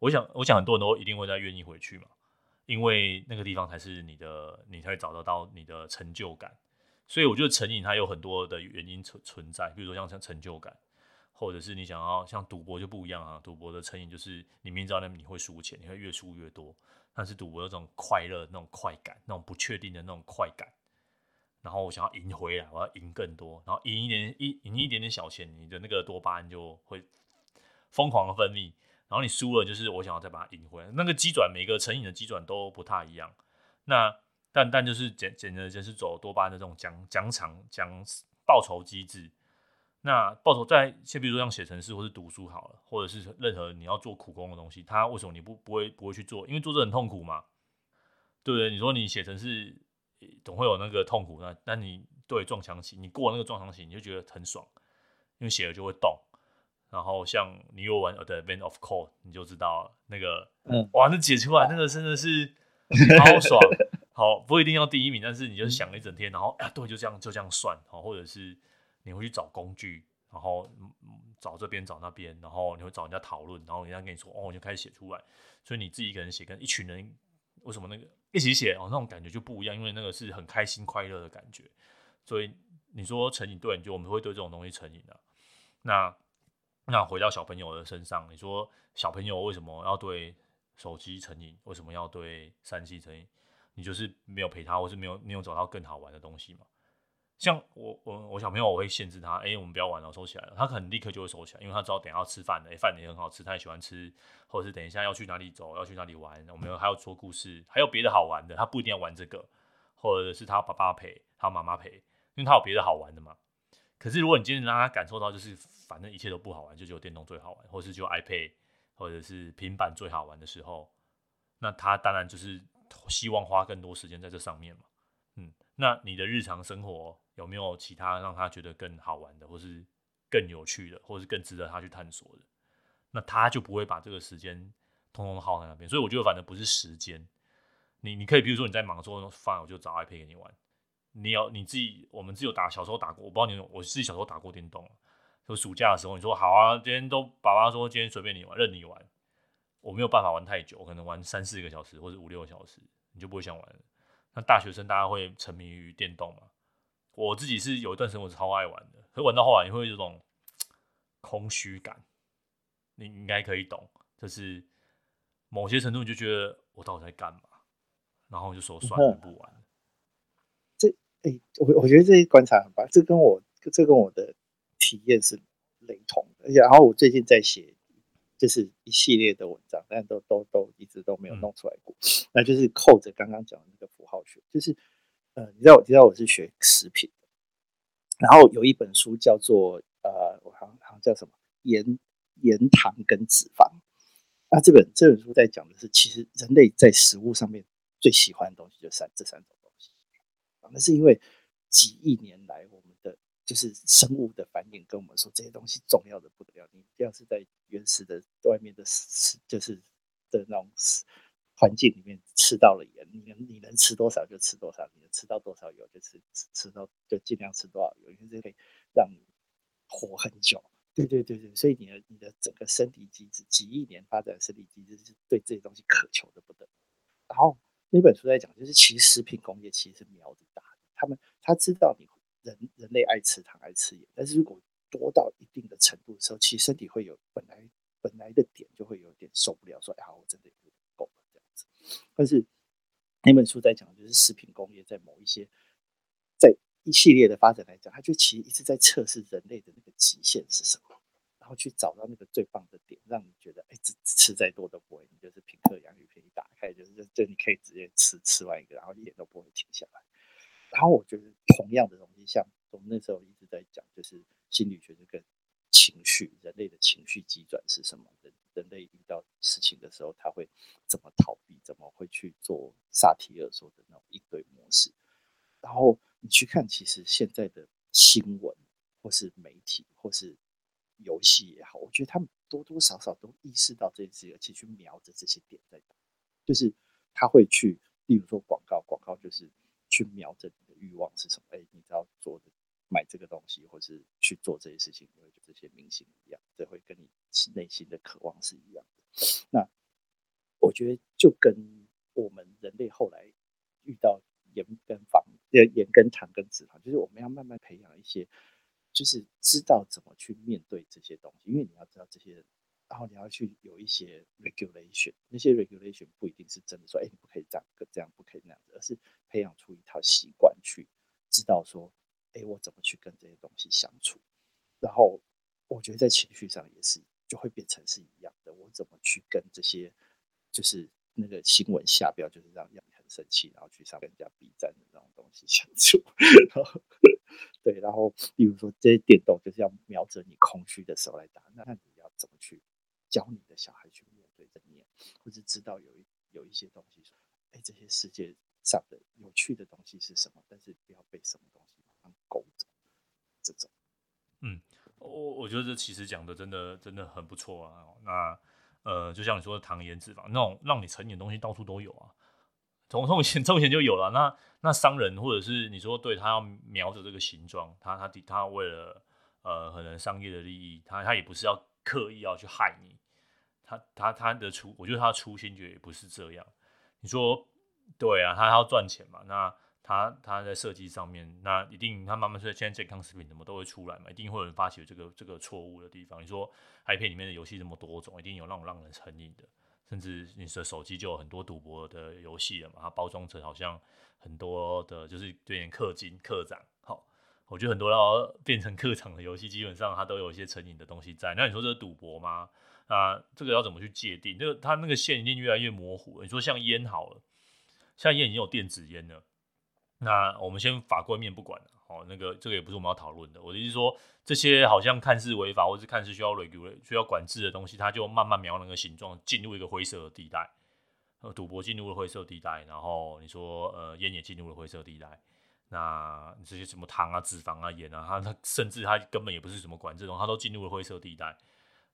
我想，我想很多人都一定會再願意回去嘛，因為那個地方才是你的，你才會找得到你的成就感。所以我覺得成癮它有很多的原因存存在，比如說像像成就感，或者是你想要像賭博就不一樣啊。賭博的成癮就是你明知道你你會輸錢，你會越輸越多，但是賭博有種快樂、那種快感、那種不確定的那種快感。然後我想要贏回來，我要贏更多，然後贏一點一贏一點點小錢，你的那個多巴胺就會瘋狂的分泌。然後你輸了，就是我想要再把它贏回來。那個機轉，每個成癮的機轉都不太一樣。那。但但就是簡簡單的，就是走多巴胺的這種獎獎賞獎報酬機制。那報酬在，像比如說像寫程式或是讀書好了，或者是任何你要做苦工的東西，它為什麼你不不會不會去做？因為做這很痛苦嘛。對不對？你說你寫程式，總會有那個痛苦。那那你對撞牆期，你過了那個撞牆期，你就覺得很爽，因為寫了就會動。然後像你又玩呃、哦、對 Advent of Code，你就知道了那個，嗯、哇，那解出來那個真的是好爽。 <laughs> 好，不一定要第一名，但是你就是想了一整天，嗯、然後、哎、對，就這樣就這樣算好，或者是你會去找工具，然後找這邊找那邊，然後你會找人家討論，然後人家跟你說哦，我就開始寫出來。所以你自己一個人寫跟一群人為什麼那個一起寫哦，那種感覺就不一樣，因為那個是很開心快樂的感覺。所以你說成癮對，你就我們會對這種東西成癮的、啊。那那回到小朋友的身上，你說小朋友為什麼要對手機成癮？為什麼要對三 G 成癮？你就是沒有陪他，或是沒有沒有找到更好玩的東西嘛。像我我我小朋友，我會限制他，哎、欸，我們不要玩了，收起來了，他可能立刻就會收起來，因為他知道等一下要吃飯了。哎、欸，飯也很好吃，他也喜歡吃，或者是等一下要去哪裡走，要去哪裡玩，我們還要說故事，還有別的好玩的，他不一定要玩這個，或者是他爸爸陪，他媽媽陪，因為他有別的好玩的嘛。可是如果你今天讓他感受到，就是反正一切都不好玩，就只有電動最好玩，或者是就 iPad 或者是平板最好玩的時候，那他當然就是。希望花更多時間在這上面嘛，嗯，那你的日常生活有沒有其他讓他覺得更好玩的，或是更有趣的，或是更值得他去探索的？那他就不會把這個時間通通耗在那邊。所以我覺得，反正不是時間，你你可以，比如說你在忙的時候放，我就找 iPad 給你玩。你有你自己，我們自己有打，小時候打過，我不知道你，我自己小時候打過電動。就暑假的時候，你說好啊，今天都爸爸說今天隨便你玩，任你玩。我沒有辦法玩太久，我可能玩三四個小時或者五六個小時，你就不會想玩了。那大學生大家會沉迷於電動嘛？我自己是有一段時間我是超愛玩的，可是玩到後來你會有一種空虛感，你應該可以懂，就是某些程度你就覺得我到底在幹嘛？然後就說算了，嗯、不玩了。這哎、欸，我我覺得這些觀察很棒，這跟我這跟我的體驗是雷同的，而且然後我最近在寫。就是一系列的文章，但都都都一直都沒有弄出來過。嗯。那就是扣着剛剛講的那個符號學，就是呃，你知道我知道我是學食品然後有一本書叫做呃，我好像我好像叫什麼鹽鹽糖跟脂肪。那這本這本書在講的是，其實人類在食物上面最喜歡的東西就三這三種東西，那是因為幾億年來我們。就是生物的反應跟我們說，這些東西重要的不得了。你要是在原始的外面的就是的那種環境裡面吃到了鹽，你能你能吃多少就吃多少，你能吃到多少油就吃，吃到就盡量吃多少油，因為這可以讓你活很久。對對對對，所以你的你的整個身體機制幾億年發展的身體機制是對這些東西渴求的不得。然後那本書在講，就是其實食品工業其實是苗子大的，他們他知道你。人人類愛吃糖愛吃鹽，但是如果多到一定的程度的時候，其實身體會有本來本來的點就會有點受不了，說呀、哎、我真的有點夠了這樣子。但是那本書在講，就是食品工業在某一些在一系列的發展來講，它就其實一直在測試人類的那個極限是什麼，然後去找到那個最棒的點，讓你覺得哎，這、欸、吃再多都不會，你就是品客洋芋片一打開就是這這你可以直接吃吃完一個，然後一點都不會停下來。然後我覺得同樣的東西，像我們那時候一直在講，就是心理學的跟情緒，人類的情緒急轉是什麼？人人類遇到事情的時候，他會怎麼逃避？怎麼會去做薩提爾說的那種應對模式？然後你去看，其實現在的新聞或是媒體或是遊戲也好，我覺得他們多多少少都意識到這些，而且去瞄着這些點在，就是他會去，例如說廣告，廣告就是去瞄着。慾望是什麼？哎、欸，你知道做買這個東西，或是去做這些事情，因為就這些明星一樣，這會跟你內心的渴望是一樣的。那我覺得，就跟我們人類後來遇到鹽跟房、鹽跟糖跟脂肪，就是我們要慢慢培養一些，就是知道怎麼去面對這些東西。因為你要知道這些。然後你要去有一些 regulation，那些 regulation 不一定是真的說，哎、欸，你不可以這樣跟這樣不可以那樣子，而是培養出一套習慣去知道說，哎、欸，我怎麼去跟這些東西相處？然後我覺得在情緒上也是就會變成是一樣的。我怎麼去跟這些，就是那個新聞下標，就是讓讓人很生氣，然後去上人家 B 站的那種東西相處。 <laughs> 然後對，然後，比如說這些電動就是要瞄準你空虛的時候來打，那你要怎麼去？教你的小孩去面對正面，或者知道有一有一些東西說，哎、欸，這些世界上的有趣的東西是什麼？但是不要被什麼東西勾走。這種，嗯，我我覺得這其實講的真的真的很不錯啊。那呃，就像你說的糖鹽脂肪那種讓你成癮的東西到處都有啊，從從前從前就有了。那那商人或者是你說對他要瞄着這個形狀，他他他為了呃可能商業的利益，他他也不是要刻意要去害你。他他他的出，我覺得他初心就也不是這樣。你說對啊，他要賺錢嘛，那他他在設計上面，那一定他慢慢說，現在健康食品怎麼都會出來嘛，一定會有人發起這個這個錯誤的地方。你說 iPad 裡面的遊戲這麼多種，一定有那種讓人成癮的，甚至你的手機就有很多賭博的遊戲了嘛，它包裝成好像很多的，就是對人氪金、氪長。好、哦，我覺得很多要變成氪長的遊戲，基本上它都有一些成癮的東西在。那你說這是賭博嗎？那、啊、這個要怎麼去界定？就、這個、它那個線已經越來越模糊了。你說像煙好了，像煙已經有電子煙了。那我們先法規面不管了好、哦，那個這個也不是我們要討論的。我的意思說，這些好像看似違法，或是看似需要 regulate 需要管制的東西，它就慢慢描那個形狀，進入一個灰色的地帶。賭博進入了灰色地帶，然後你說呃煙也進入了灰色地帶。那你這些什麼糖啊、脂肪啊、鹽啊，它它甚至它根本也不是什麼管制東西，它都進入了灰色地帶。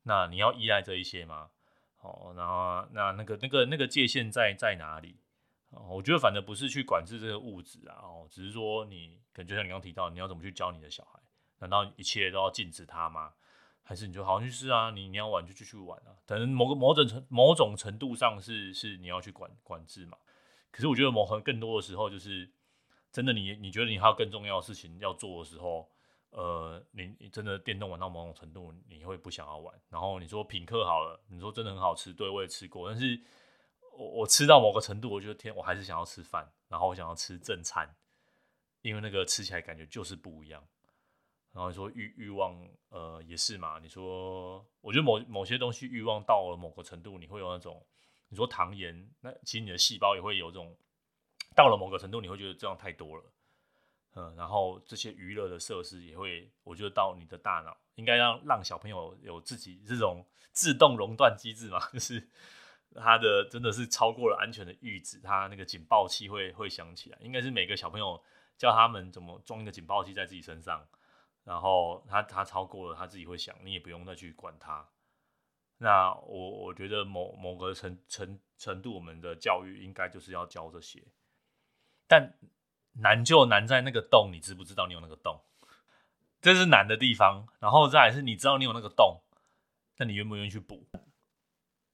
那你要依賴這一些嗎？哦，然後那那個那個那個界限在在哪裡？哦，我覺得反正不是去管制這個物質啊，哦，只是說你可能就像你剛提到，你要怎麼去教你的小孩？難道一切都要禁止他嗎？還是你就好像是啊？你你要玩就繼續玩啊？可能某個某種程某種程度上是是你要去管管制嘛？可是我覺得可能更多的時候就是真的你你覺得你還有更重要的事情要做的時候。呃，你你真的電動玩到某種程度，你會不想要玩。然後你說品客好了，你說真的很好吃，對，我也吃過。但是我我吃到某個程度，我覺得天，我還是想要吃飯。然後我想要吃正餐，因為那個吃起來感覺就是不一樣。然後你說欲欲望，呃，也是嘛。你說我覺得某某些東西欲望到了某個程度，你會有那種，你說糖鹽，那其實你的細胞也會有這種，到了某個程度，你會覺得這樣太多了。嗯，然後這些娛樂的設施也會，我覺得到你的大腦，應該讓讓小朋友有自己這種自動熔斷機制嘛，就是他的真的是超過了安全的閾值，他那個警報器會會響起來。應該是每個小朋友教他們怎麼裝一個警報器在自己身上，然後他他超過了他自己會響，你也不用再去管他。那我我覺得某某個程程程度，我們的教育應該就是要教這些，但。難就難在那個洞，你知不知道？你有那個洞，這是難的地方。然後再來是，你知道你有那個洞，那你願不願意去補？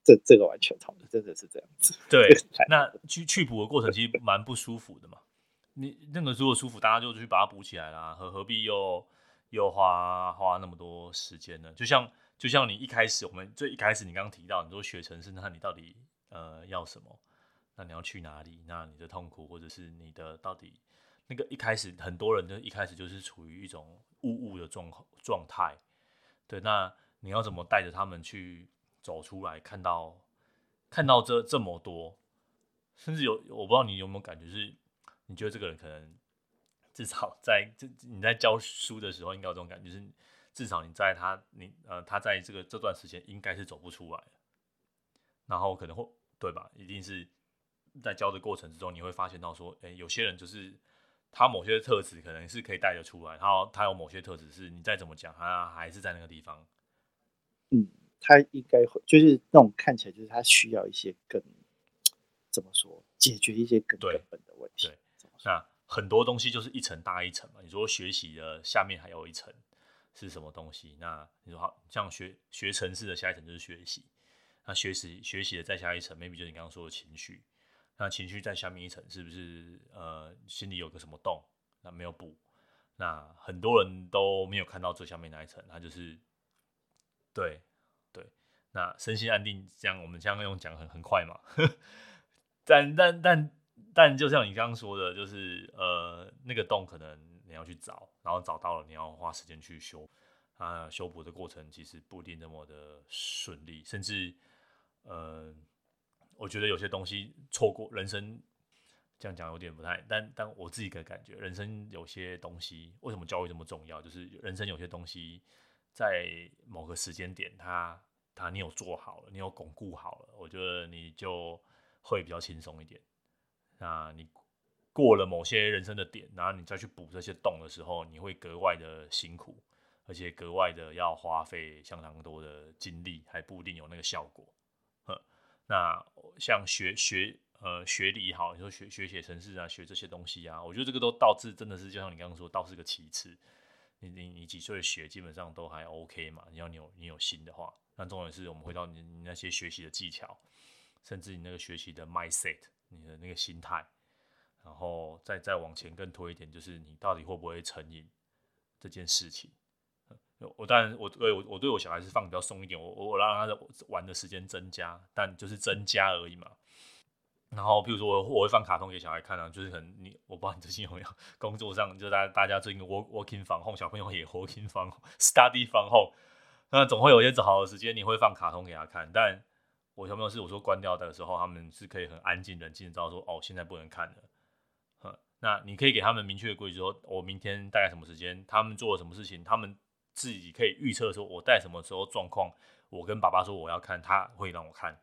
這這個完全同的，真的是這樣子。對， <laughs> 那去去補的過程其實蠻不舒服的嘛。你那個如果舒服，大家就去把它補起來啦，何何必又又花花那麼多時間呢？就像就像你一開始，我們最一開始，你剛剛提到，你說學程式，那你到底呃要什麼？那你要去哪裡？那你的痛苦或者是你的到底？那個一開始很多人就一開始就是處於一種霧霧的狀況狀態，對，那你要怎麼帶着他們去走出來看，看到看到這這麼多，甚至有我不知道你有沒有感覺是，你覺得這個人可能至少在這你在教書的時候應該有這種感覺是，是至少你在他你呃他在這個這段時間應該是走不出來然後可能會對吧？一定是在教的過程之中，你會發現到說，哎、欸，有些人就是。他某些特質可能是可以帶得出來，然後他有某些特質是你再怎麼講，他還是在那個地方。嗯，他應該會就是那種看起來就是他需要一些更怎麼說，解決一些更根本的問題。對那很多東西就是一層搭一層嘛。你說學習的下面還有一層是什麼東西？那你說好，像學學程式的下一層就是學習，那學習學習的再下一層，maybe 就是你剛剛說的情緒。那情緒在下面一層是不是呃心裡有個什麼洞？那、啊、沒有補，那很多人都沒有看到最下面那一層，那、啊、就是對對。那身心安定，這樣我們這樣用講很很快嘛。呵呵但但但但就像你剛剛說的，就是呃那個洞可能你要去找，然後找到了你要花時間去修啊修補的過程其實不一定那麼的順利，甚至呃。我覺得有些東西錯過，人生這樣講有點不太，但但我自己的感覺，人生有些東西為什麼教育這麼重要？就是人生有些東西在某個時間點它，它它你有做好了，你有鞏固好了，我覺得你就會比較輕鬆一點。那你過了某些人生的點，然後你再去補這些洞的時候，你會格外的辛苦，而且格外的要花費相當多的精力，還不一定有那個效果。那像學學呃學歷也好，你說學學寫程式啊，學這些東西啊，我覺得這個都倒是，真的是就像你剛剛說，倒是個其次。你你你幾歲學，基本上都還 OK 嘛。你要你有你有心的話，那重點是我們回到你你那些學習的技巧，甚至你那個學習的 mindset，你的那個心態，然後再再往前更推一點，就是你到底會不會成癮這件事情。我當然，我對我對我小孩是放比較鬆一點，我我我讓他的玩的時間增加，但就是增加而已嘛。然後，譬如說我我會放卡通給小孩看啊，就是可能你我不知道你最近有沒有工作上，就大大家最近 working from home，小朋友也 working from home，study from home，那總會有一些好的時間，你會放卡通給他看。但我小朋友是我說關掉的時候，他們是可以很安靜、冷靜的知道說哦，現在不能看了。那你可以給他們明確的規矩，說我明天大概什麼時間，他們做了什麼事情，他們。自己可以預測說，我在什麼時候狀況，我跟爸爸說我要看，他會讓我看。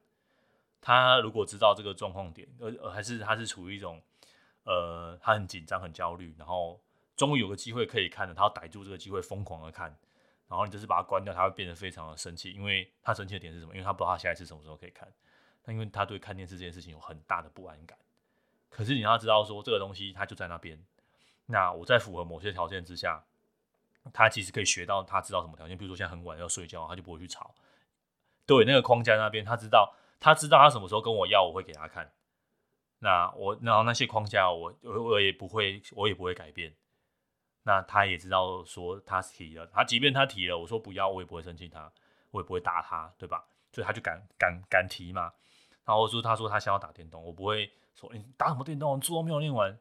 他如果知道這個狀況點，呃，還是他是處於一種，呃，他很緊張、很焦慮，然後終於有個機會可以看了，他要逮住這個機會瘋狂的看。然後你就是把它關掉，他會變得非常的生氣，因為他生氣的點是什麼？因為他不知道他下一次什麼時候可以看。那因為他對看電視這件事情有很大的不安感。可是你讓他知道說，這個東西它就在那邊，那我在符合某些條件之下。他其實可以學到，他知道什麼條件，比如說現在很晚要睡覺，他就不會去吵。對，那個框架那邊，他知道，他知道他什麼時候跟我要，我會給他看。那我，然後那些框架我，我我也不會，我也不會改變。那他也知道說他提了，他即便他提了，我說不要，我也不會申請他，我也不會打他，對吧？所以他就敢敢敢提嘛。然後就他說他想要打電動，我不會說你、欸、打什麼電動，書都沒有練完，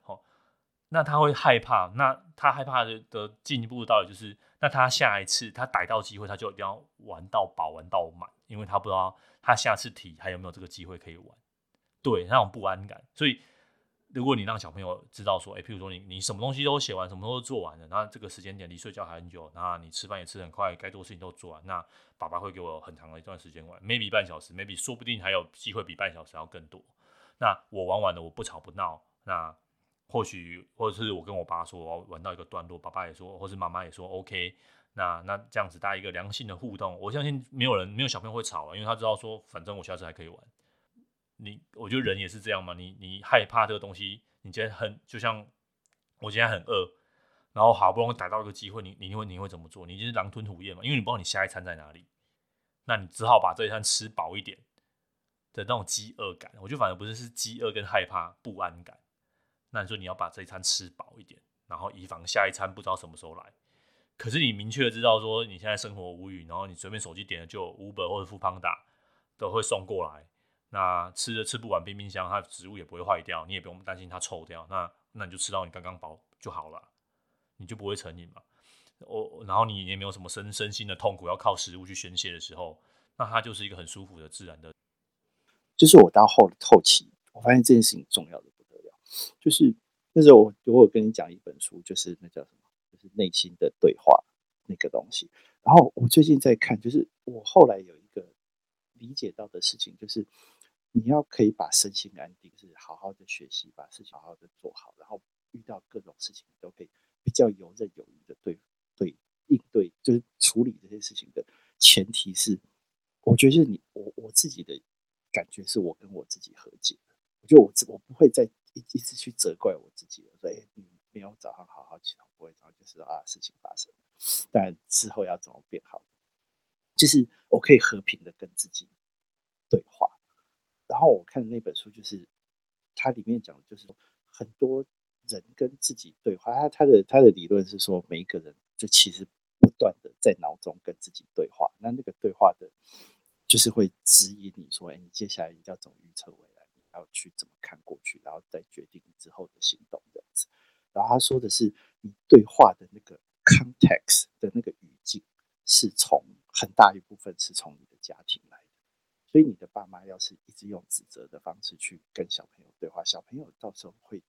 那他會害怕，那他害怕的的進一步的道理就是，那他下一次他逮到機會，他就一定要玩到飽，玩到滿，因為他不知道他下次提還有沒有這個機會可以玩，對那種不安感。所以，如果你讓小朋友知道說，哎、欸，譬如說你你什麼東西都寫完，什麼都做完了，那這個時間點離睡覺還很久，那你吃飯也吃很快，該做的事情都做完，那爸爸會給我很長的一段時間玩，maybe 半小時，maybe 說不定還有機會比半小時要更多。那我玩完了，我不吵不鬧，那。或許或者是我跟我爸說我玩到一個段落，爸爸也說，或是媽媽也說，OK，那那這樣子帶一個良性的互動，我相信沒有人沒有小朋友會吵啊，因為他知道說反正我下次還可以玩。你我覺得人也是這樣嘛，你你害怕這個東西，你今天很，就像我今天很餓，然後好不容易逮到一個機會，你你會你會怎麼做？你就是狼吞虎咽嘛，因為你不知道你下一餐在哪裡，那你只好把這一餐吃飽一點的那種飢餓感，我覺得反而不是是飢餓跟害怕不安感。那你說你要把這一餐吃飽一點，然後以防下一餐不知道什麼時候來。可是你明確的知道說你現在生活無虞，然後你隨便手機點的就 Uber 或者 Foodpanda 都會送過來。那吃着吃不完，冰冰箱它的食物也不會壞掉，你也不用擔心它臭掉。那那你就吃到你剛剛飽就好了，你就不會成癮嘛。我然後你也沒有什麼身身心的痛苦要靠食物去宣泄的時候，那它就是一個很舒服的自然的。就是我到後後期，我發現這件事情重要的。就是那時候我，我我有跟你講一本書，就是那叫什麼？就是內心的對話那個東西。然後我最近在看，就是我後來有一個理解到的事情，就是你要可以把身心安定，就是好好的學習，把事情好好的做好，然後遇到各種事情，你都可以比較游刃有餘的對對應對，就是處理這些事情的前提是，我覺得是你我我自己的感覺是我跟我自己和解，我覺得我我不會再。一一直去責怪我自己，所以、欸、你沒有早上好好起床，然後就是啊，事情發生，但之後要怎麼變好？就是我可以和平的跟自己對話。然後我看那本書，就是它裡面講的，就是說很多人跟自己對話。他他的他的理論是說，每一個人就其實不斷的在腦中跟自己對話。那那個對話的，就是會指引你說，哎、欸，你接下來一定要怎麼預測？要去怎麼看過去，然後再決定你之後的行動這樣子。然後他說的是，你對話的那個 context 的那個語境是從很大一部分是從你的家庭來的。所以你的爸媽要是一直用指責的方式去跟小朋友對話，小朋友到時候會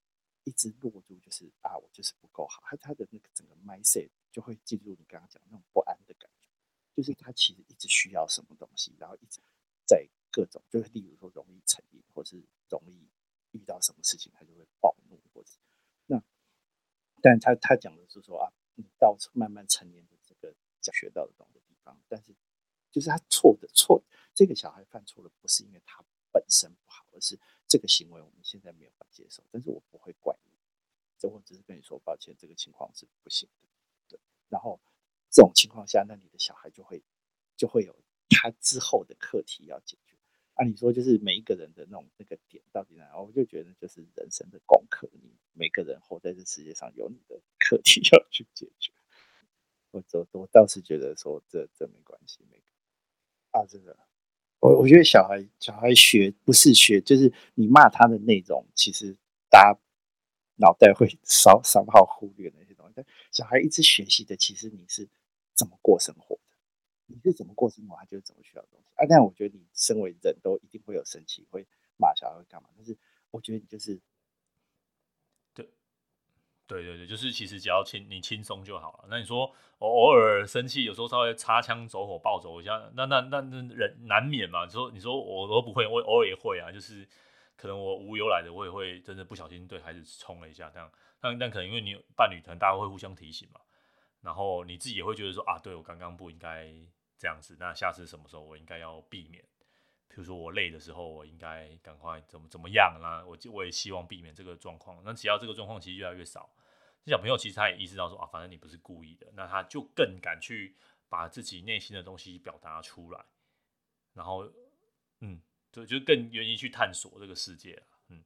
一直落入就是啊，我就是不夠好。他他的那個整個 mindset 就會進入你剛剛講那種不安的感覺，就是他其實一直需要什麼東西，然後一直在。各種就是，例如說容易成癮，或是容易遇到什麼事情，他就會暴怒，或者那，但他他講的是說啊，你、嗯、到慢慢成年的這個講學到的東西地方，但是就是他錯的錯，這個小孩犯錯了不是因為他本身不好，而是這個行為我們現在沒有辦法接受，但是我不會怪你，這我只是跟你說抱歉，這個情況是不行的。對。然後這種情況下，那你的小孩就會就會有他之後的課題要解決。那、啊、你說就是每一個人的那種那個點到底在哪？我就覺得就是人生的功課，你每個人活在這世界上有你的課題要去解決。我我我倒是覺得說這這沒關係，啊這個，我我覺得小孩小孩學不是學，就是你罵他的內容，其實大家腦袋會稍稍不好忽略那些東西。但小孩一直學習的，其實你是怎麼過生活。你是怎麼過生活，他就是怎麼需要東西、啊。但我覺得你身為人都一定會有生氣，會罵小孩，會幹嘛？但是我覺得你就是，對，對對對，就是其實只要輕你輕鬆就好了。那你說我偶爾生氣，有時候稍微擦槍走火、暴走一下，那那那那人難免嘛。你、就是、說你說我都不會，我偶爾也會啊，就是可能我無由來的我也會真的不小心對孩子衝了一下這樣。但但可能因為你有伴侶團，大家會互相提醒嘛。然後你自己也會覺得說啊，對我剛剛不應該。這樣子，那下次什麼時候我應該要避免？比如說我累的時候，我應該趕快怎麼怎麼樣啦、啊。我就我也希望避免這個狀況。那只要這個狀況其實越來越少，那小朋友其實他也意識到說啊，反正你不是故意的，那他就更敢去把自己內心的東西表達出來，然後嗯，對，就更願意去探索這個世界。嗯，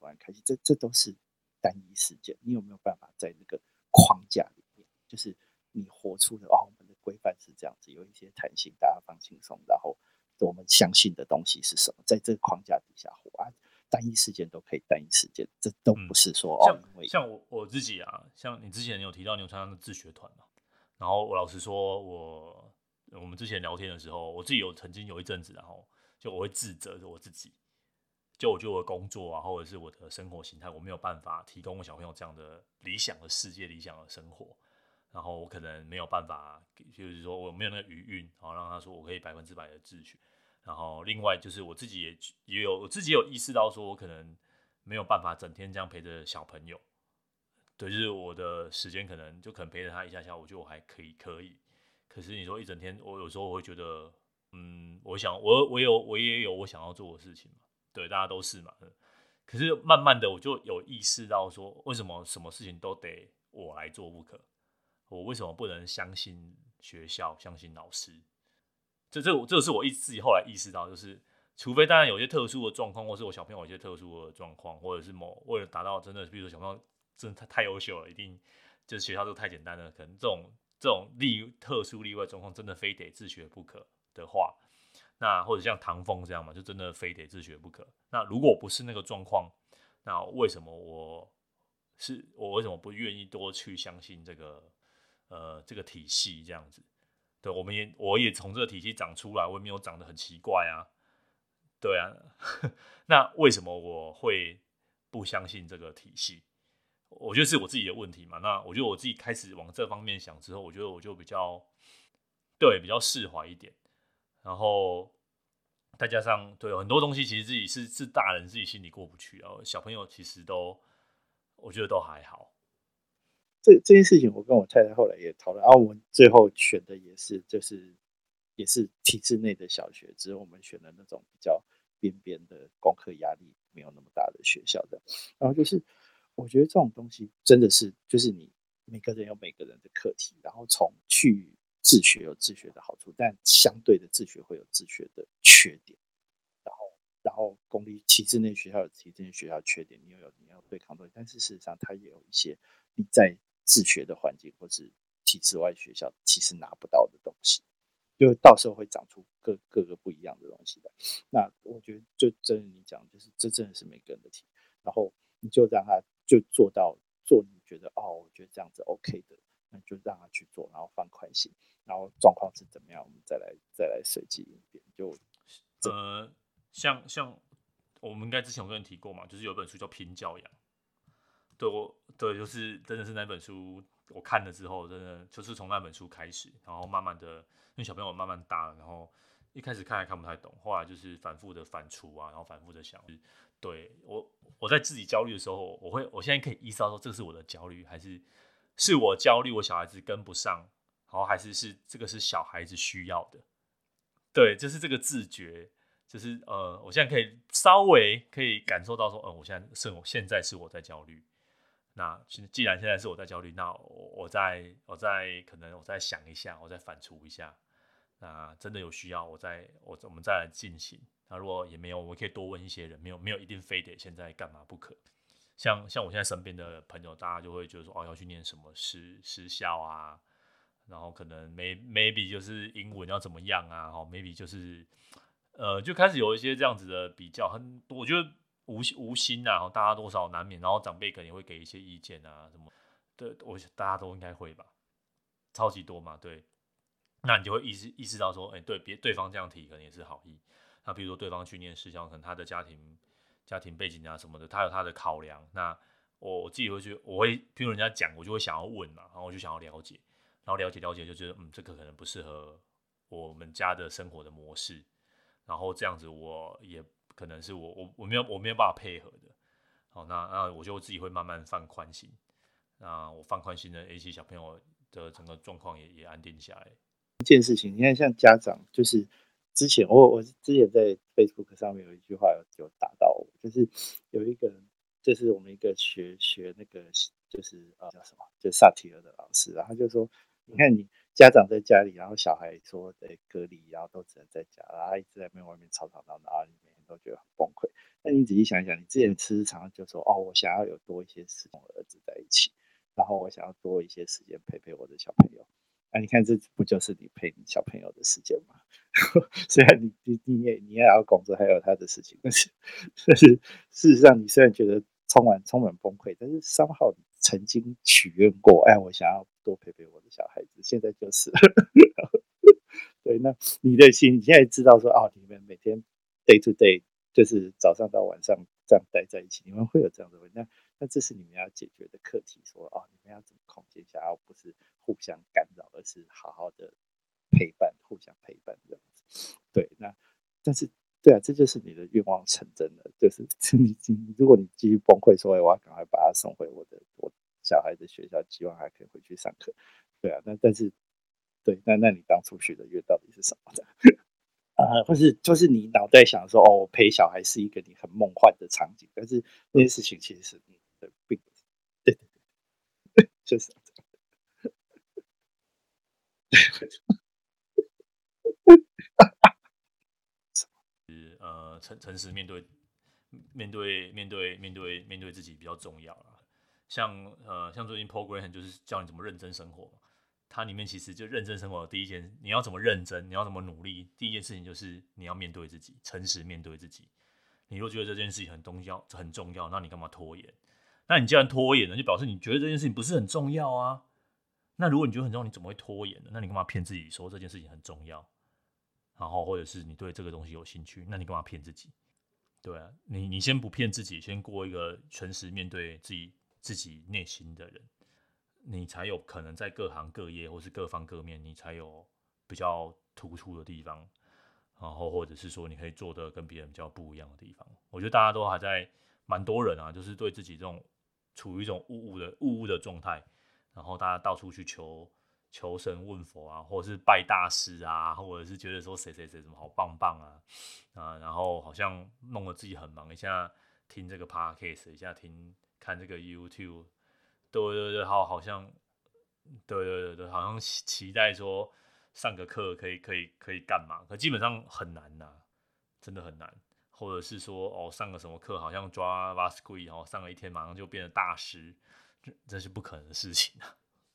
蠻開心，這這都是單一事件。你有沒有辦法在那個框架裡面，就是你活出了哦。規範是這樣子，有一些彈性，大家放輕鬆。然後我們相信的東西是什麼？在這個框架底下，啊，單一時間都可以單一時間，這都不是說、嗯哦、像，因為像我，我自己啊，像你之前你有提到你有參加自學團、啊、然後我老實說，我我們之前聊天的時候，我自己有曾經有一陣子，然後就我會自責我自己，就我覺得我的工作啊，或者是我的生活形態，我沒有辦法提供我小朋友這樣的理想的世界，理想的生活。然後我可能沒有辦法，就是說我沒有那個餘裕，然後讓他說我可以百分之百的自學。然後另外就是我自己也也有，我自己有意識到，說我可能沒有辦法整天這樣陪着小朋友。對，就是我的時間可能就可能陪着他一下下，我覺得我還可以可以。可是你說一整天，我有時候我會覺得，嗯，我想我我有我也有我想要做的事情嘛，對，大家都是嘛。可是慢慢的我就有意識到說，為什麼什麼事情都得我來做不可？我為什麼不能相信學校、相信老師？這、這、這是我一自己後來意識到，就是除非當然有些特殊的狀況，或是我小朋友有一些特殊的狀況，或者是某為了達到真的，比如說小朋友真的太太優秀了，一定就是學校都太簡單了，可能這種這種例特殊例外狀況真的非得自學不可的話，那或者像唐鳳這樣嘛，就真的非得自學不可。那如果不是那個狀況，那為什麼我是我為什麼不願意多去相信這個？呃，這個體系這樣子，對，我們也我也從這個體系長出來，我也沒有長得很奇怪啊，對啊， <laughs> 那為什麼我會不相信這個體系？我覺得是我自己的問題嘛。那我覺得我自己開始往這方面想之後，我覺得我就比較對，比較釋懷一點。然後再加上對很多東西，其實自己是是大人自己心裡過不去哦，小朋友其實都我覺得都還好。這這件事情，我跟我太太後來也討論啊，我們最後選的也是，就是也是體制內的小學，只是我們選的那種比較邊邊的，功課壓力沒有那麼大的學校的。然後就是，我覺得這種東西真的是，就是你每個人有每個人的課題，然後從去自學有自學的好處，但相對的自學會有自學的缺點。然後，然後公立體制內的學校有體制內學校缺點，你有你要對抗的。但是事實上它也有一些你在，自學的環境，或是體制外學校其實拿不到的東西，就是、到時候會長出各各個不一樣的東西的。那我覺得，就真的你講，就是這真的是每個人的題。然後你就讓他就做到做，你覺得哦，我覺得這樣子 OK 的，那就讓他去做，然後放寬心，然後狀況是怎麼樣，我們再來再來設計一遍。就呃，像像我們應該之前我跟你提過嘛，就是有本書叫《拚教養》。對，我對，就是真的是那本書，我看了之後，真的就是從那本書開始，然後慢慢的，因為小朋友慢慢大了，然後一開始看還看不太懂，後來就是反覆的反芻啊，然後反覆的想，對我，我在自己焦慮的時候，我會，我現在可以意識到說，這是我的焦慮，還是是我焦慮，我小孩子跟不上，然後還是是這個是小孩子需要的，對，就是這個自覺，就是呃，我現在可以稍微可以感受到說，嗯、呃，我現在是，我現在是我在焦慮。那既然現在是我在焦慮，那我再我再，我再可能我再想一下，我再反芻一下，那真的有需要，我再我我們再來進行。那如果也沒有，我可以多問一些人，沒有沒有一定非得現在幹嘛不可。像像我現在身邊的朋友，大家就會覺得說，哦，要去念什麼師師校啊，然後可能 may, maybe 就是英文要怎麼樣啊，然、哦、maybe 就是呃，就開始有一些這樣子的比較，很多我覺得。無無心吶、啊，然後大家多少難免，然後長輩肯定會給一些意見啊什麼的，我想大家都應該會吧，超級多嘛，對，那你就會意識意識到說，哎、欸，對，別對方這樣提可能也是好意，那比如說對方去念私校，像可能他的家庭家庭背景啊什麼的，他有他的考量，那我我自己會去，我會聽人家講，我就會想要問嘛，然後我就想要了解，然後了解了解就覺得，嗯，這個可能不適合我們家的生活的模式，然後這樣子我也。可能是我我我沒有我沒有辦法配合的，好，那那我就自己會慢慢放寬心，那我放寬心的一些小朋友的整個狀況也也安定下來。一件事情，你看像家長就是之前我我之前在 Facebook 上面有一句話有有打到我，就是有一個就是我們一個學學那個就是呃叫什麼就薩提爾的老師，然後，啊，他就說你看你家長在家裡，然後小孩說在隔離，然後都只能在家，然後他一直在外面吵吵鬧鬧。都覺得很崩潰。那你仔細想一想，你之前常常就說哦，我想要有多一些時間和我兒子在一起，然後我想要多一些時間陪陪我的小朋友。那、啊、你看，這不就是你陪你小朋友的時間嗎？雖 <laughs> 然，你你也你也要工作，還有他的事情，但是但是事實上，你雖然覺得充滿充滿崩潰，但是三號曾經許願過，哎，我想要多陪陪我的小孩子。現在就是， <laughs> 對，那你的心，你現在知道說哦，你們每天。Day to day，就是早上到晚上這樣待在一起，你們會有這樣的問題？那那這是你們要解決的課題，說啊、哦，你們要怎麼空間，想要不是互相干擾，而是好好的陪伴，互相陪伴這樣子。對，那但是對啊，這就是你的願望成真了，就是你你如果你繼續崩潰說，我要趕快把他送回我的我小孩的學校，希望還可以回去上課。對啊，那但是對，那那你當初許的願到底是什麼呢？啊，或是就是你腦袋想說，哦，我陪小孩是一個你很夢幻的場景，但是那些事情其實是你的病。嗯對啊，對，就是，對，其實呃，誠誠實面對，面對面對面對面對自己比較重要了。啊。像呃，像最近 program 就是教你怎麼認真生活。它裡面其實就認真生活的第一件事，你要怎麼認真，你要怎麼努力，第一件事情就是你要面對自己，誠實面對自己。你如果覺得這件事情很重要，很重要，那你幹嘛拖延？那你既然拖延了，就表示你覺得這件事情不是很重要啊。那如果你覺得很重要，你怎麼會拖延呢？那你幹嘛騙自己說這件事情很重要？然後或者是你對這個東西有興趣，那你幹嘛騙自己？對啊，你你先不騙自己，先過一個誠實面對自己自己內心的人。你才有可能在各行各業或是各方各面，你才有比較突出的地方，然後或者是說你可以做的跟別人比較不一樣的地方。我覺得大家都還在蠻多人啊，就是對自己這種處於一種霧霧的霧霧的狀態，然後大家到處去求求神問佛啊，或者是拜大師啊，或者是覺得說誰誰誰什麼好棒棒啊啊，然後好像弄得自己很忙，一下聽這個 podcast，一下聽看這個 YouTube。對對對好，好像對對對對，好像期待說上個課可以可以可以幹嘛？可基本上很難吶、啊，真的很難。或者是說哦，上個什麼課，好像抓拉、哦，Basque 上了一天馬上就變得大師，這這是不可能的事情啊。